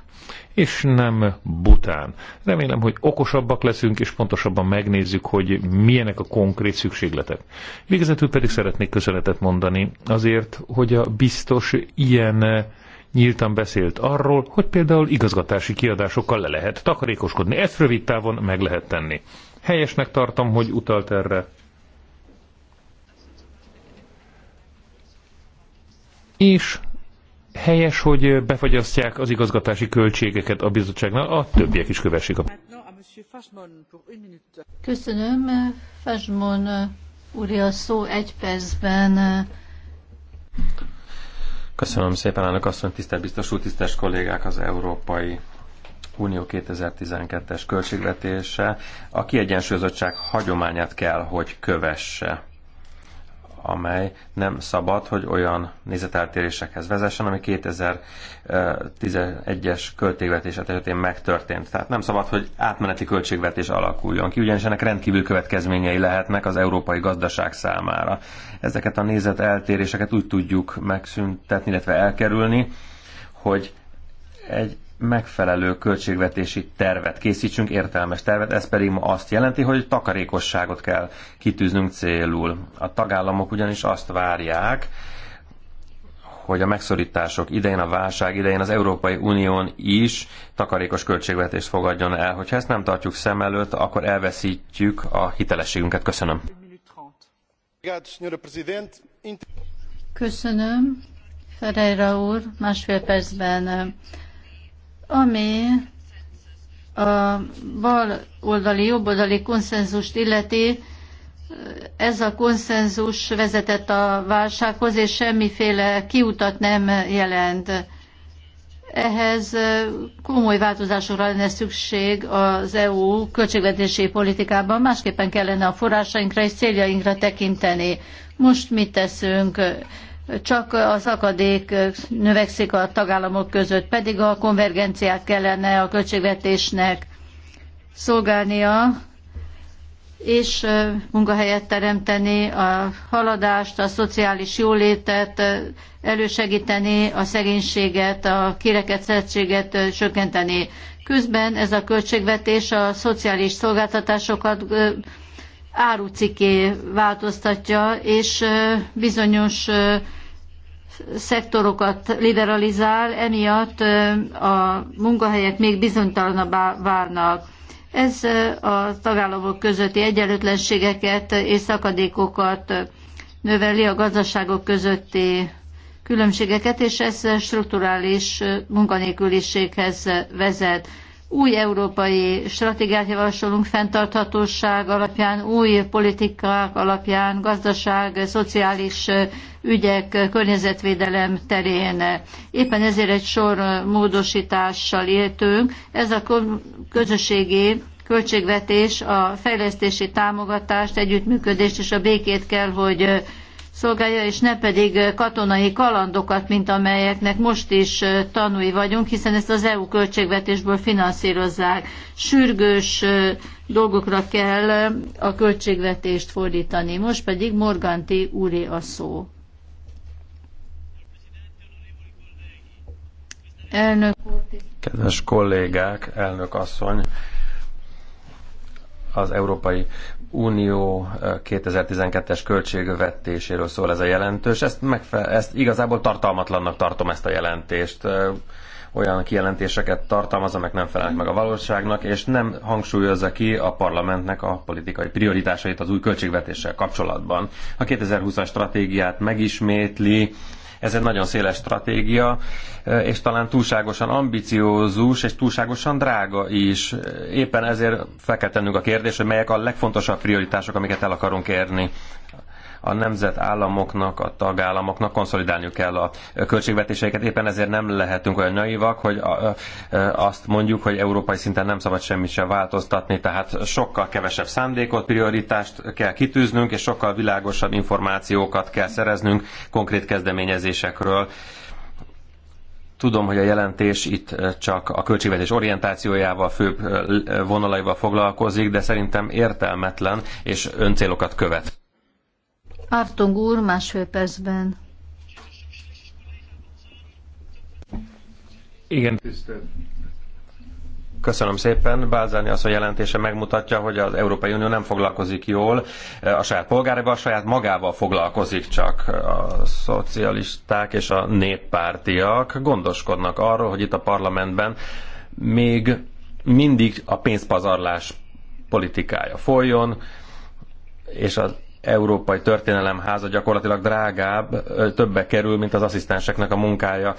és nem bután. Remélem, hogy okosabbak leszünk, és pontosabban megnézzük, hogy milyenek a konkrét szükségletek. Végezetül pedig szeretnék köszönetet mondani azért, hogy a biztos ilyen nyíltan beszélt arról, hogy például igazgatási kiadásokkal le lehet takarékoskodni. Ezt rövid távon meg lehet tenni. Helyesnek tartom, hogy utalt erre. És helyes, hogy befagyasztják az igazgatási költségeket a bizottságnál, a többiek is kövessék a... Köszönöm, Fasmon úr, a szó egy percben. Köszönöm szépen, elnök asszony, tisztelt biztos úr, tisztes kollégák az Európai Unió 2012-es költségvetése a kiegyensúlyozottság hagyományát kell, hogy kövesse amely nem szabad, hogy olyan nézeteltérésekhez vezessen, ami 2011-es költségvetés esetén megtörtént. Tehát nem szabad, hogy átmeneti költségvetés alakuljon ki, ugyanis ennek rendkívül következményei lehetnek az európai gazdaság számára. Ezeket a nézeteltéréseket úgy tudjuk megszüntetni, illetve elkerülni, hogy egy megfelelő költségvetési tervet készítsünk, értelmes tervet, ez pedig ma azt jelenti, hogy takarékosságot kell kitűznünk célul. A tagállamok ugyanis azt várják, hogy a megszorítások idején, a válság idején az Európai Unión is takarékos költségvetést fogadjon el. Hogyha ezt nem tartjuk szem előtt, akkor elveszítjük a hitelességünket. Köszönöm. Köszönöm. Ferreira úr, másfél percben ami a jobb oldali konszenzust illeti, ez a konszenzus vezetett a válsághoz, és semmiféle kiutat nem jelent. Ehhez komoly változásokra lenne szükség az EU költségvetési politikában, másképpen kellene a forrásainkra és céljainkra tekinteni. Most mit teszünk? csak az akadék növekszik a tagállamok között, pedig a konvergenciát kellene a költségvetésnek szolgálnia, és munkahelyet teremteni, a haladást, a szociális jólétet, elősegíteni a szegénységet, a kirekesztettséget csökkenteni. Közben ez a költségvetés a szociális szolgáltatásokat árucikké változtatja, és bizonyos szektorokat liberalizál, emiatt a munkahelyek még bizonytalanabbá válnak. Ez a tagállamok közötti egyenlőtlenségeket és szakadékokat növeli a gazdaságok közötti különbségeket, és ez strukturális munkanélküliséghez vezet új európai stratégiát javasolunk fenntarthatóság alapján, új politikák alapján, gazdaság, szociális ügyek, környezetvédelem terén. Éppen ezért egy sor módosítással éltünk. Ez a közösségi költségvetés a fejlesztési támogatást, együttműködést és a békét kell, hogy szolgálja, és ne pedig eh, katonai kalandokat, mint amelyeknek most is eh, tanúi vagyunk, hiszen ezt az EU költségvetésből finanszírozzák. Sürgős eh, dolgokra kell a költségvetést fordítani. Most pedig Morganti úré a szó. Elnök úr. Kedves kollégák, elnök asszony, az Európai Unió 2012-es költségvetéséről szól ez a jelentős. Ezt, megfe- ezt igazából tartalmatlannak tartom ezt a jelentést. Olyan kijelentéseket tartalmaz, amelyek nem felelnek meg a valóságnak, és nem hangsúlyozza ki a parlamentnek a politikai prioritásait az új költségvetéssel kapcsolatban. A 2020-as stratégiát megismétli, ez egy nagyon széles stratégia, eh, és talán túlságosan ambiciózus, és túlságosan drága is. Éppen ezért fel kell tennünk a kérdés, hogy melyek a legfontosabb prioritások, amiket el akarunk érni a nemzetállamoknak, a tagállamoknak konszolidálniuk kell a költségvetéseiket. Éppen ezért nem lehetünk olyan naivak, hogy azt mondjuk, hogy európai szinten nem szabad semmit sem változtatni, tehát sokkal kevesebb szándékot, prioritást kell kitűznünk, és sokkal világosabb információkat kell szereznünk konkrét kezdeményezésekről. Tudom, hogy a jelentés itt csak a költségvetés orientációjával, főbb vonalaival foglalkozik, de szerintem értelmetlen és öncélokat követ. Ártong úr, másfél percben. Igen, Köszönöm szépen. Bázáni az, a jelentése megmutatja, hogy az Európai Unió nem foglalkozik jól eh, a saját polgárával, a saját magával foglalkozik csak. A szocialisták és a néppártiak gondoskodnak arról, hogy itt a parlamentben még mindig a pénzpazarlás politikája folyjon, és az Európai Történelem Háza gyakorlatilag drágább, többe kerül, mint az asszisztenseknek a munkája,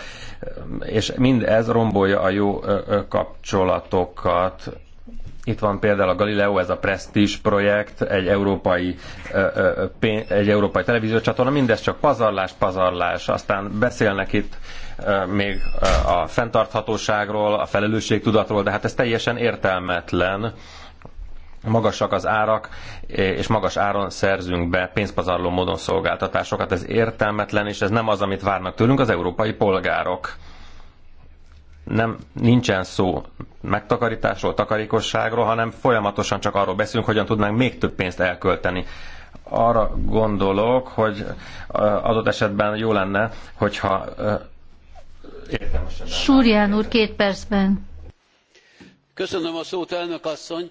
és mindez rombolja a jó kapcsolatokat. Itt van például a Galileo, ez a Prestige projekt, egy európai, egy európai televíziócsatorna, mindez csak pazarlás, pazarlás. Aztán beszélnek itt még a fenntarthatóságról, a felelősségtudatról, de hát ez teljesen értelmetlen magasak az árak, és magas áron szerzünk be pénzpazarló módon szolgáltatásokat. Ez értelmetlen, és ez nem az, amit várnak tőlünk az európai polgárok. Nem, nincsen szó megtakarításról, takarékosságról, hanem folyamatosan csak arról beszélünk, hogyan tudnánk még több pénzt elkölteni arra gondolok, hogy adott esetben jó lenne, hogyha Súrján úr, két percben. Köszönöm a szót, elnök asszony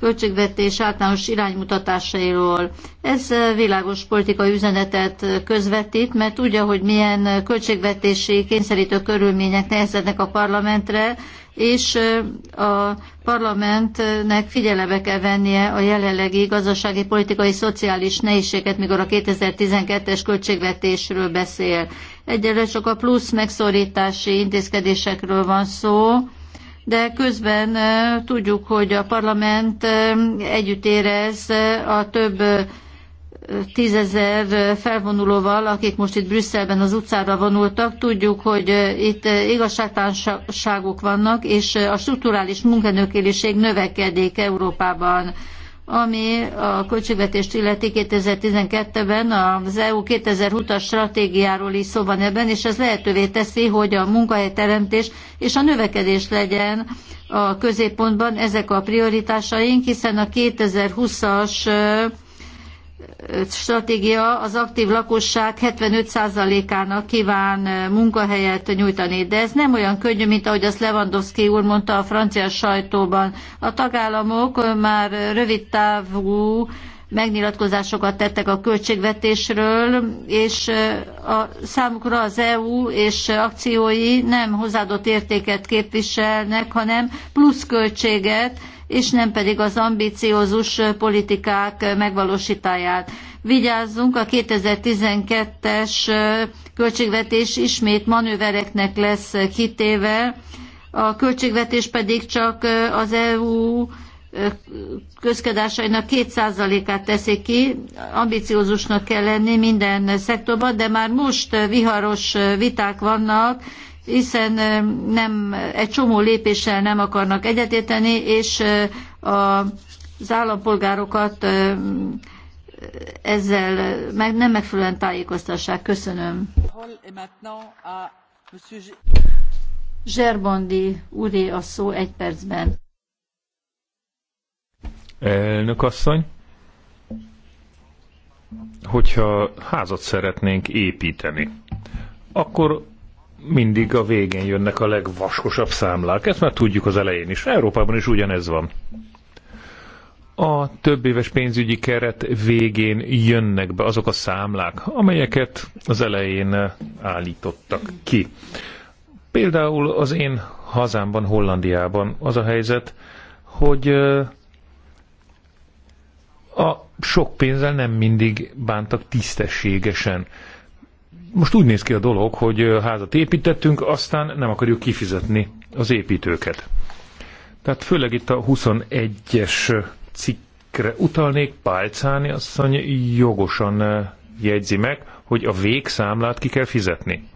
költségvetés általános iránymutatásairól. Ez világos politikai üzenetet közvetít, mert tudja, hogy milyen költségvetési kényszerítő körülmények nehezednek a parlamentre, és a parlamentnek figyelembe kell vennie a jelenlegi gazdasági, politikai, szociális nehézséget, mikor a 2012-es költségvetésről beszél. Egyelőre csak a plusz megszorítási intézkedésekről van szó, de közben tudjuk, hogy a parlament együtt érez a több tízezer felvonulóval, akik most itt Brüsszelben az utcára vonultak. Tudjuk, hogy itt igazságtalanságok vannak, és a strukturális munkanőkéliség növekedik Európában ami a költségvetést illeti 2012-ben, az EU 2020-as stratégiáról is szó van ebben, és ez lehetővé teszi, hogy a munkahelyteremtés és a növekedés legyen a középpontban ezek a prioritásaink, hiszen a 2020-as stratégia az aktív lakosság 75%-ának kíván munkahelyet nyújtani, de ez nem olyan könnyű, mint ahogy azt Lewandowski úr mondta a francia sajtóban. A tagállamok már rövid távú megnyilatkozásokat tettek a költségvetésről, és a számukra az EU és akciói nem hozzáadott értéket képviselnek, hanem plusz költséget, és nem pedig az ambiciózus politikák megvalósítáját. Vigyázzunk, a 2012-es költségvetés ismét manővereknek lesz kitéve, a költségvetés pedig csak az EU közkedásainak 2%-át teszi ki, ambiciózusnak kell lenni minden szektorban, de már most viharos viták vannak, hiszen nem, egy csomó lépéssel nem akarnak egyetéteni, és az állampolgárokat ezzel meg, nem megfelelően tájékoztassák. Köszönöm. Zserbondi úré a szó egy percben. Elnök asszony, hogyha házat szeretnénk építeni, akkor mindig a végén jönnek a legvaskosabb számlák. Ezt már tudjuk az elején is. Európában is ugyanez van. A több éves pénzügyi keret végén jönnek be azok a számlák, amelyeket az elején állítottak ki. Például az én hazámban, Hollandiában az a helyzet, hogy a sok pénzzel nem mindig bántak tisztességesen most úgy néz ki a dolog, hogy házat építettünk, aztán nem akarjuk kifizetni az építőket. Tehát főleg itt a 21-es cikkre utalnék, Pálcáni asszony jogosan jegyzi meg, hogy a végszámlát ki kell fizetni.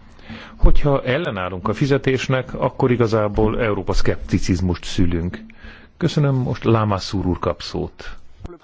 Hogyha ellenállunk a fizetésnek, akkor igazából Európa szkepticizmust szülünk. Köszönöm, most Lámászúr úr kap szót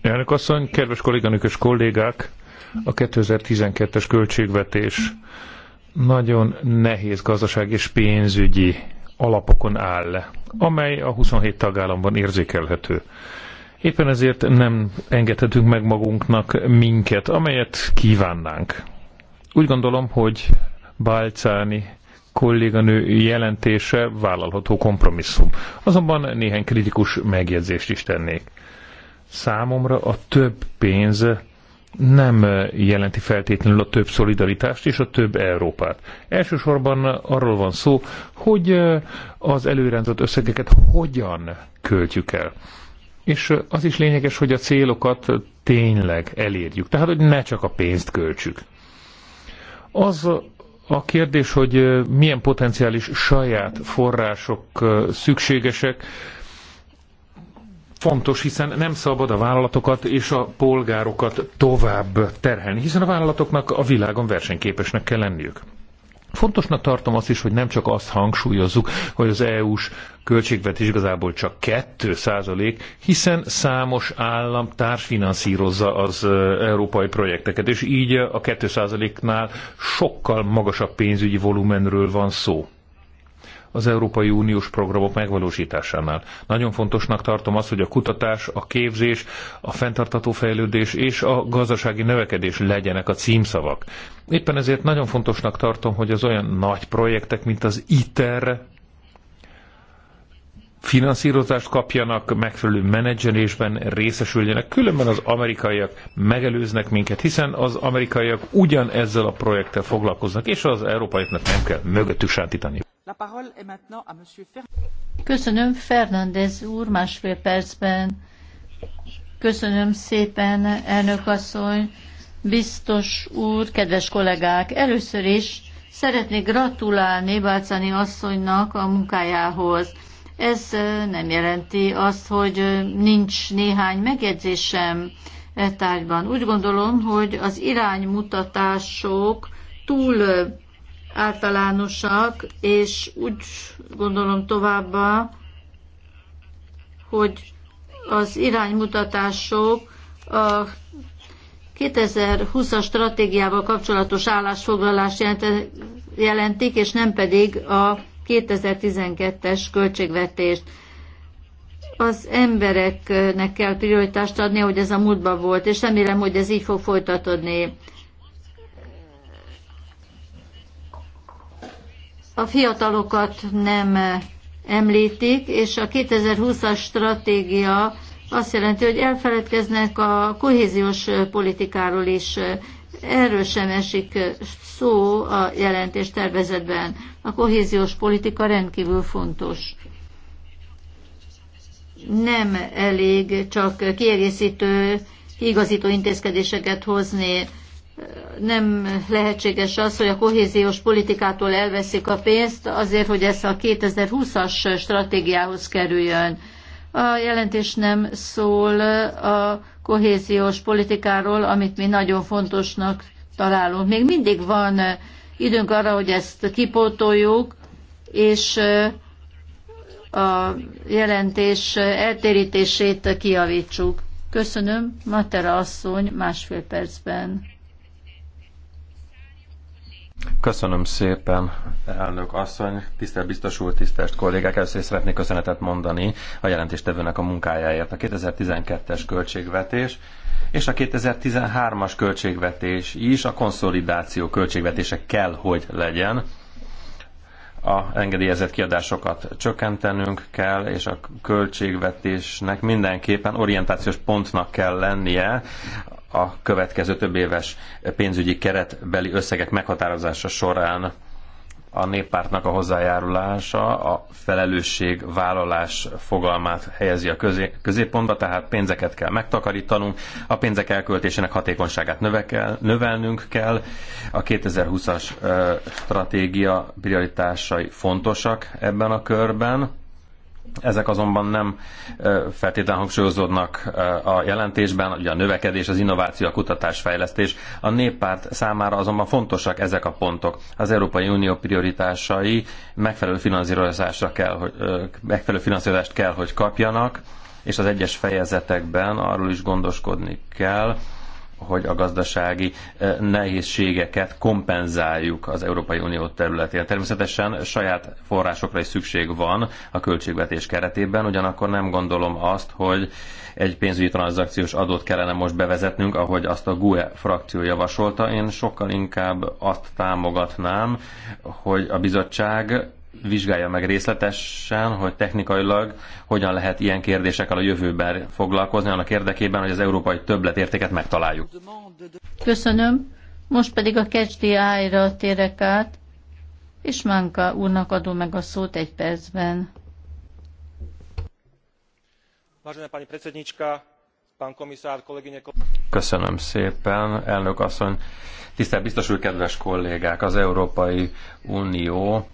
Elnök asszony, kedves kolléganők és kollégák, a 2012-es költségvetés nagyon nehéz gazdaság és pénzügyi alapokon áll, amely a 27 tagállamban érzékelhető. Éppen ezért nem engedhetünk meg magunknak minket, amelyet kívánnánk. Úgy gondolom, hogy Balcáni kolléganő jelentése vállalható kompromisszum. Azonban néhány kritikus megjegyzést is tennék számomra a több pénz nem jelenti feltétlenül a több szolidaritást és a több Európát. Elsősorban arról van szó, hogy az előrendzett összegeket hogyan költjük el. És az is lényeges, hogy a célokat tényleg elérjük. Tehát, hogy ne csak a pénzt költsük. Az a kérdés, hogy milyen potenciális saját források szükségesek, fontos, hiszen nem szabad a vállalatokat és a polgárokat tovább terhelni, hiszen a vállalatoknak a világon versenyképesnek kell lenniük. Fontosnak tartom azt is, hogy nem csak azt hangsúlyozzuk, hogy az EU-s költségvetés igazából csak 2 százalék, hiszen számos állam társfinanszírozza az európai projekteket, és így a 2 százaléknál sokkal magasabb pénzügyi volumenről van szó az Európai Uniós programok megvalósításánál. Nagyon fontosnak tartom azt, hogy a kutatás, a képzés, a fenntartató fejlődés és a gazdasági növekedés legyenek a címszavak. Éppen ezért nagyon fontosnak tartom, hogy az olyan nagy projektek, mint az ITER, finanszírozást kapjanak, megfelelő menedzselésben részesüljenek, különben az amerikaiak megelőznek minket, hiszen az amerikaiak ugyan ezzel a projekttel foglalkoznak, és az európaiaknak nem kell mögöttük sántítani. Köszönöm, Fernández úr, másfél percben. Köszönöm szépen, elnök asszony, biztos úr, kedves kollégák. Először is szeretnék gratulálni Bácani asszonynak a munkájához. Ez nem jelenti azt, hogy nincs néhány megjegyzésem e tárgyban. Úgy gondolom, hogy az iránymutatások túl általánosak, és úgy gondolom továbbá, hogy az iránymutatások a 2020-as stratégiával kapcsolatos állásfoglalást jelentik, és nem pedig a 2012-es költségvetést. Az embereknek kell prioritást adni, hogy ez a múltban volt, és remélem, hogy ez így fog folytatódni. a fiatalokat nem említik, és a 2020-as stratégia azt jelenti, hogy elfeledkeznek a kohéziós politikáról is. Erről sem esik szó a jelentés tervezetben. A kohéziós politika rendkívül fontos. Nem elég csak kiegészítő, igazító intézkedéseket hozni nem lehetséges az, hogy a kohéziós politikától elveszik a pénzt azért, hogy ez a 2020-as stratégiához kerüljön. A jelentés nem szól a kohéziós politikáról, amit mi nagyon fontosnak találunk. Még mindig van időnk arra, hogy ezt kipótoljuk, és a jelentés eltérítését kiavítsuk. Köszönöm, Matera asszony másfél percben. Köszönöm szépen, elnök asszony, tisztelt biztos úr, tisztelt kollégák. Először is szeretnék köszönetet mondani a jelentéstevőnek a munkájáért. A 2012-es költségvetés és a 2013-as költségvetés is a konszolidáció költségvetése kell, hogy legyen a engedélyezett kiadásokat csökkentenünk kell, és a költségvetésnek mindenképpen orientációs pontnak kell lennie a következő több éves pénzügyi keretbeli összegek meghatározása során a néppártnak a hozzájárulása a felelősség vállalás fogalmát helyezi a közé, középpontba, tehát pénzeket kell megtakarítanunk, a pénzek elköltésének hatékonyságát növekel, növelnünk kell, a 2020-as stratégia prioritásai fontosak ebben a körben, ezek azonban nem feltétlenül hangsúlyozódnak a jelentésben, ugye a növekedés, az innováció, a kutatás, fejlesztés, A néppárt számára azonban fontosak ezek a pontok. Az Európai Unió prioritásai megfelelő finanszírozásra kell, hogy, megfelelő finanszírozást kell, hogy kapjanak, és az egyes fejezetekben arról is gondoskodni kell, hogy a gazdasági nehézségeket kompenzáljuk az Európai Unió területén. Természetesen saját forrásokra is szükség van a költségvetés keretében, ugyanakkor nem gondolom azt, hogy egy pénzügyi tranzakciós adót kellene most bevezetnünk, ahogy azt a GUE frakció javasolta. Én sokkal inkább azt támogatnám, hogy a bizottság vizsgálja meg részletesen, hogy technikailag hogyan lehet ilyen kérdésekkel a jövőben foglalkozni, annak érdekében, hogy az európai többletértéket megtaláljuk. Köszönöm. Most pedig a KCDI-ra térek át, és Mánka úrnak adom meg a szót egy percben. Köszönöm szépen, elnök asszony. Tisztelt biztos úr, kedves kollégák, az Európai Unió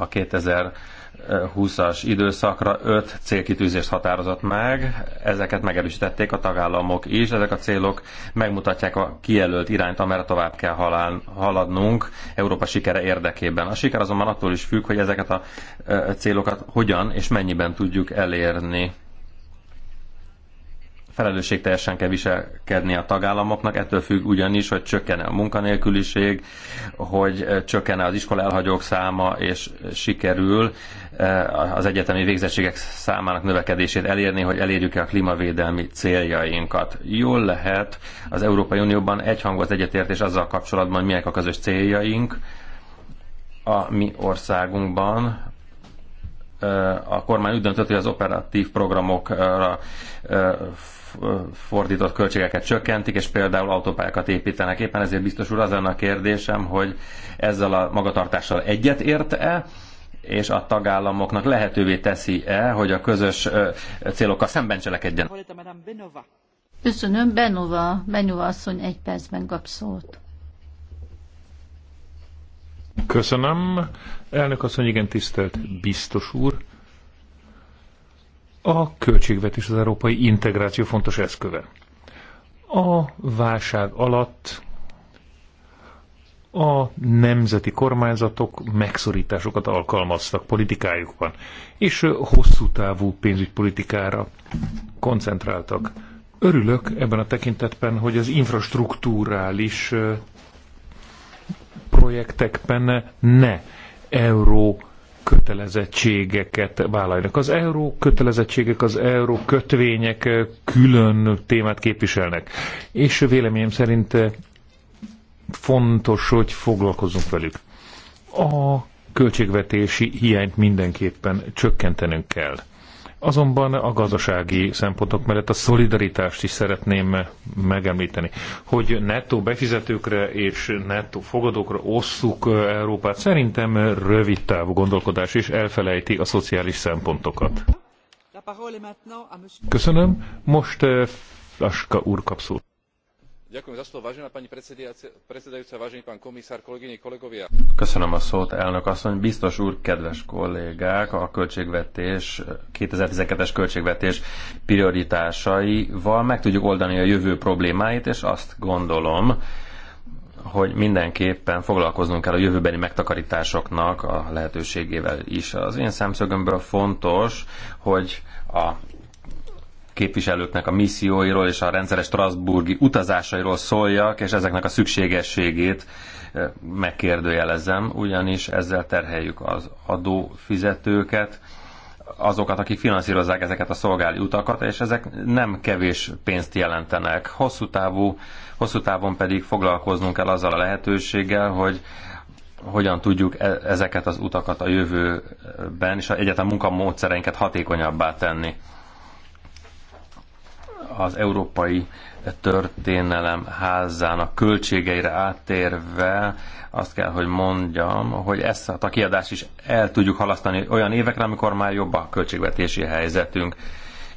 a 2020-as időszakra öt célkitűzést határozott meg, ezeket megerősítették a tagállamok is, ezek a célok megmutatják a kijelölt irányt, amerre tovább kell haladnunk Európa sikere érdekében. A siker azonban attól is függ, hogy ezeket a célokat hogyan és mennyiben tudjuk elérni felelősségteljesen kell viselkedni a tagállamoknak, ettől függ ugyanis, hogy csökken a munkanélküliség, hogy csökken az iskola elhagyók száma, és sikerül az egyetemi végzettségek számának növekedését elérni, hogy elérjük-e a klímavédelmi céljainkat. Jól lehet az Európai Unióban egyhangú az egyetértés azzal kapcsolatban, hogy milyenek a közös céljaink, a mi országunkban, a kormány úgy döntött, hogy az operatív programokra fordított költségeket csökkentik, és például autópályákat építenek. Éppen ezért biztos úr, az lenne a kérdésem, hogy ezzel a magatartással egyet ért-e, és a tagállamoknak lehetővé teszi-e, hogy a közös célokkal szemben cselekedjen. Köszönöm, Benova. Benova asszony egy percben kap szót. Köszönöm. Elnök asszony, igen, tisztelt biztos úr. A költségvetés az európai integráció fontos eszköve. A válság alatt a nemzeti kormányzatok megszorításokat alkalmaztak politikájukban, és hosszú távú pénzügypolitikára koncentráltak. Örülök ebben a tekintetben, hogy az infrastruktúrális projektekben ne euró kötelezettségeket vállalnak. Az euró kötelezettségek, az euró kötvények eh, külön témát képviselnek, és véleményem szerint eh, fontos, hogy foglalkozunk velük. A költségvetési hiányt mindenképpen csökkentenünk kell. Azonban a gazdasági szempontok mellett a szolidaritást is szeretném megemlíteni, hogy nettó befizetőkre és nettó fogadókra osszuk Európát. Szerintem rövid távú gondolkodás is elfelejti a szociális szempontokat. Köszönöm. Most eh, Aska úr kap szót. Köszönöm a szót, elnök asszony. Biztos úr, kedves kollégák, a költségvetés, twelve es költségvetés prioritásaival meg tudjuk oldani a jövő problémáit, és azt gondolom, hogy mindenképpen foglalkoznunk kell a jövőbeni megtakarításoknak a lehetőségével is. Az én szemszögömből fontos, hogy a képviselőknek a misszióiról és a rendszeres Strasburgi utazásairól szóljak, és ezeknek a szükségességét eh, megkérdőjelezem, ugyanis ezzel terheljük az adófizetőket, azokat, akik finanszírozzák ezeket a szolgáli utakat, és ezek nem kevés pénzt jelentenek. Hosszú, távú, hosszú távon pedig foglalkoznunk kell azzal a lehetőséggel, hogy hogyan tudjuk e, ezeket az utakat a jövőben és egyetem munkamódszereinket hatékonyabbá tenni az Európai Történelem házának költségeire áttérve azt kell, hogy mondjam, hogy ezt a kiadást is el tudjuk halasztani olyan évekre, amikor már jobb a költségvetési helyzetünk.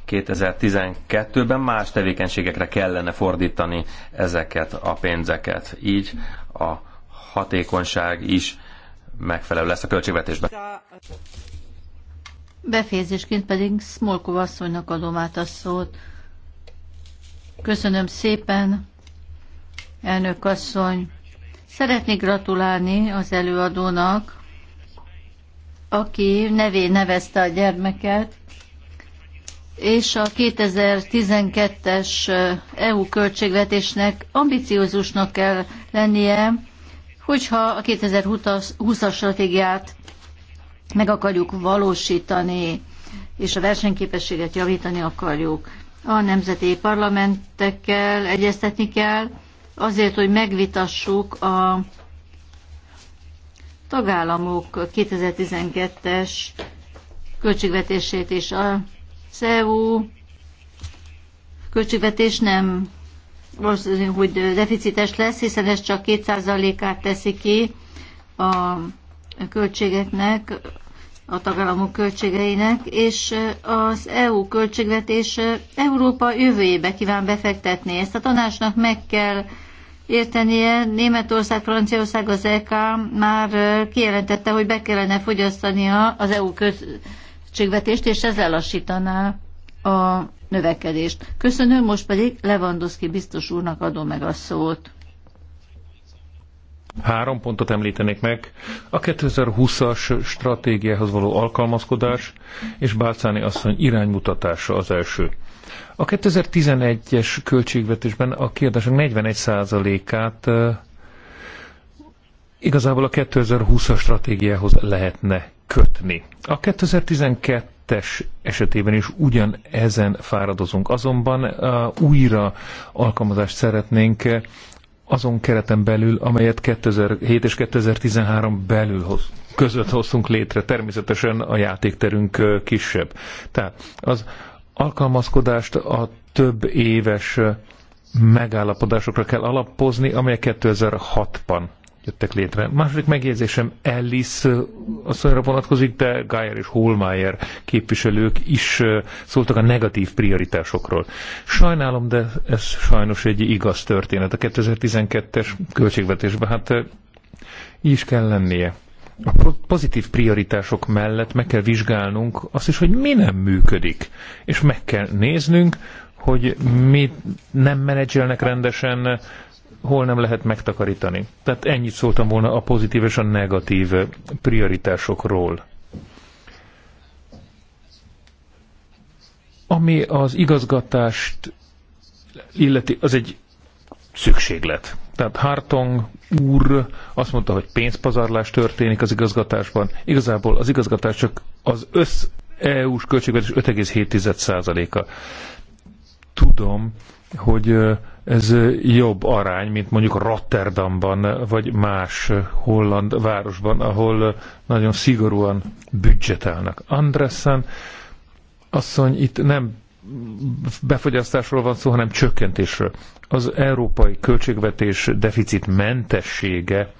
2012-ben más tevékenységekre kellene fordítani ezeket a pénzeket. Így a hatékonyság is megfelelő lesz a költségvetésben. Befejezésként pedig Smolkov asszonynak adom át a szót. Köszönöm szépen, elnök asszony. Szeretnék gratulálni az előadónak, aki nevé nevezte a gyermeket, és a 2012-es EU költségvetésnek ambiciózusnak kell lennie, hogyha a 2020-as stratégiát meg akarjuk valósítani, és a versenyképességet javítani akarjuk a nemzeti parlamentekkel egyeztetni kell, azért, hogy megvitassuk a tagállamok 2012-es költségvetését és A CEU költségvetés nem valószínű, hogy deficites lesz, hiszen ez csak 2%-át teszi ki a költségeknek, a tagállamok költségeinek, és az EU költségvetés Európa jövőjébe kíván befektetni. Ezt a tanácsnak meg kell értenie. Németország, Franciaország, az EK már kijelentette, hogy be kellene fogyasztania az EU költségvetést, és ez lassítaná a növekedést. Köszönöm, most pedig Lewandowski biztos úrnak adom meg a szót. Három pontot említenék meg. A 2020-as stratégiához való alkalmazkodás és Bálcáni asszony iránymutatása az első. A 2011-es költségvetésben a kiadások 41%-át igazából a 2020-as stratégiához lehetne kötni. A 2012-es esetében is ugyan ezen fáradozunk, azonban újra alkalmazást szeretnénk azon kereten belül, amelyet 2007 és 2013 belül hoz, között hoztunk létre. Természetesen a játékterünk kisebb. Tehát az alkalmazkodást a több éves megállapodásokra kell alapozni, amelyek 2006-ban jöttek létre. Második megjegyzésem Ellis asszonyra vonatkozik, de Geyer és Holmeyer képviselők is szóltak a negatív prioritásokról. Sajnálom, de ez sajnos egy igaz történet. A 2012-es költségvetésben hát így is kell lennie. A pozitív prioritások mellett meg kell vizsgálnunk azt is, hogy mi nem működik, és meg kell néznünk, hogy mi nem menedzselnek rendesen, hol nem lehet megtakarítani. Tehát ennyit szóltam volna a pozitív és a negatív prioritásokról. Ami az igazgatást illeti, az egy szükséglet. Tehát Hartong úr azt mondta, hogy pénzpazarlás történik az igazgatásban. Igazából az igazgatás csak az össz EU-s költségvetés 5,7%-a. Tudom, hogy ez jobb arány, mint mondjuk Rotterdamban, vagy más holland városban, ahol nagyon szigorúan büdzsetelnek. Andressen asszony, itt nem befogyasztásról van szó, hanem csökkentésről. Az európai költségvetés deficit mentessége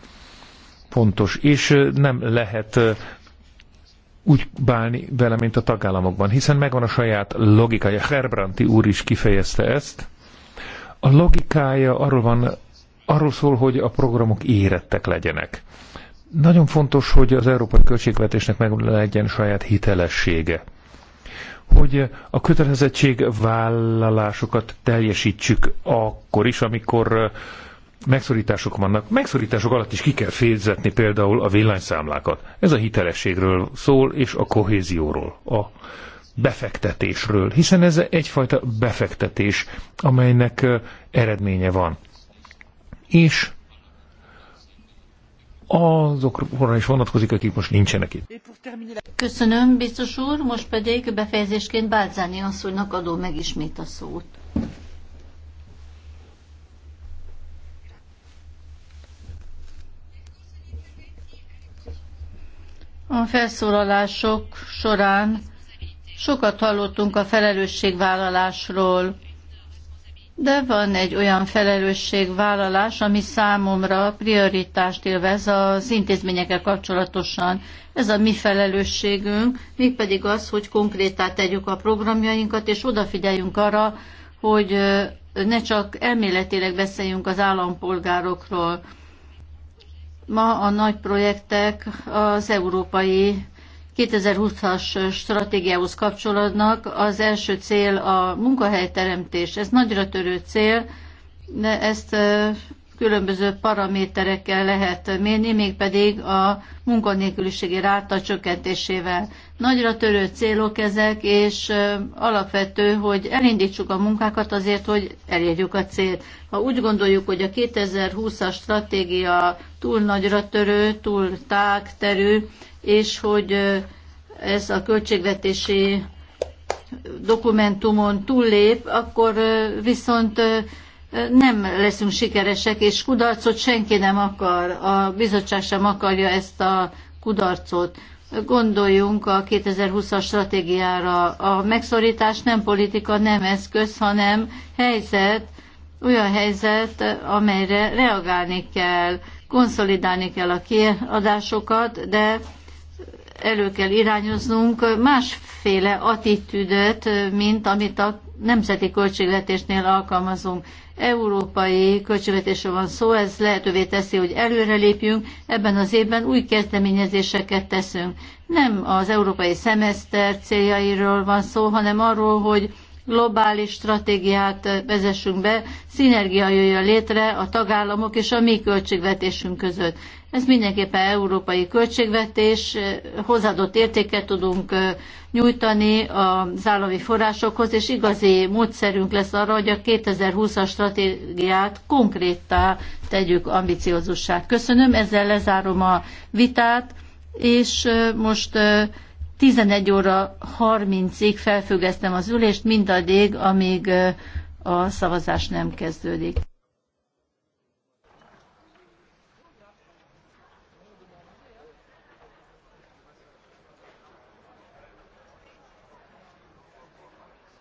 fontos, és nem lehet úgy bálni vele, mint a tagállamokban, hiszen megvan a saját logikája. Herbranti úr is kifejezte ezt, a logikája arról van, arról szól, hogy a programok érettek legyenek. Nagyon fontos, hogy az európai költségvetésnek meg legyen saját hitelessége. Hogy a vállalásokat teljesítsük akkor is, amikor eh, megszorítások vannak. Megszorítások alatt is ki kell fizetni például a villanyszámlákat. Ez a hitelességről szól, és a kohézióról, a befektetésről, hiszen ez egyfajta befektetés, amelynek eredménye van. És azokra is vonatkozik, akik most nincsenek itt. Köszönöm, biztos úr, most pedig befejezésként Bálzáni asszonynak adó meg ismét a szót. A felszólalások során Sokat hallottunk a felelősségvállalásról, de van egy olyan felelősségvállalás, ami számomra prioritást élvez az intézményekkel kapcsolatosan. Ez a mi felelősségünk, mégpedig az, hogy konkrétá tegyük a programjainkat, és odafigyeljünk arra, hogy ne csak elméletileg beszéljünk az állampolgárokról. Ma a nagy projektek az európai 2020-as stratégiához kapcsolódnak. Az első cél a munkahelyteremtés. Ez nagyra törő cél, de ezt különböző paraméterekkel lehet mérni, mégpedig a munkanélküliségi ráta csökkentésével. Nagyra törő célok ezek, és alapvető, hogy elindítsuk a munkákat azért, hogy elérjük a célt. Ha úgy gondoljuk, hogy a 2020-as stratégia túl nagyra törő, túl terű, és hogy ez a költségvetési dokumentumon túllép, akkor viszont nem leszünk sikeresek, és kudarcot senki nem akar, a bizottság sem akarja ezt a kudarcot. Gondoljunk a 2020-as stratégiára. A megszorítás nem politika, nem eszköz, hanem helyzet, olyan helyzet, amelyre reagálni kell, konszolidálni kell a kiadásokat, de elő kell irányoznunk másféle attitűdöt, mint amit a nemzeti költségvetésnél alkalmazunk európai költségvetésről van szó, ez lehetővé teszi, hogy előrelépjünk. Ebben az évben új kezdeményezéseket teszünk. Nem az európai szemeszter céljairól van szó, hanem arról, hogy globális stratégiát vezessünk be, szinergia jöjjön létre a tagállamok és a mi költségvetésünk között. Ez mindenképpen európai költségvetés, hozzáadott értéket tudunk nyújtani az állami forrásokhoz, és igazi módszerünk lesz arra, hogy a 2020-as stratégiát konkrétá tegyük ambiciózussá. Köszönöm, ezzel lezárom a vitát, és most 11 óra 30-ig felfüggesztem az ülést, mindaddig, amíg a szavazás nem kezdődik.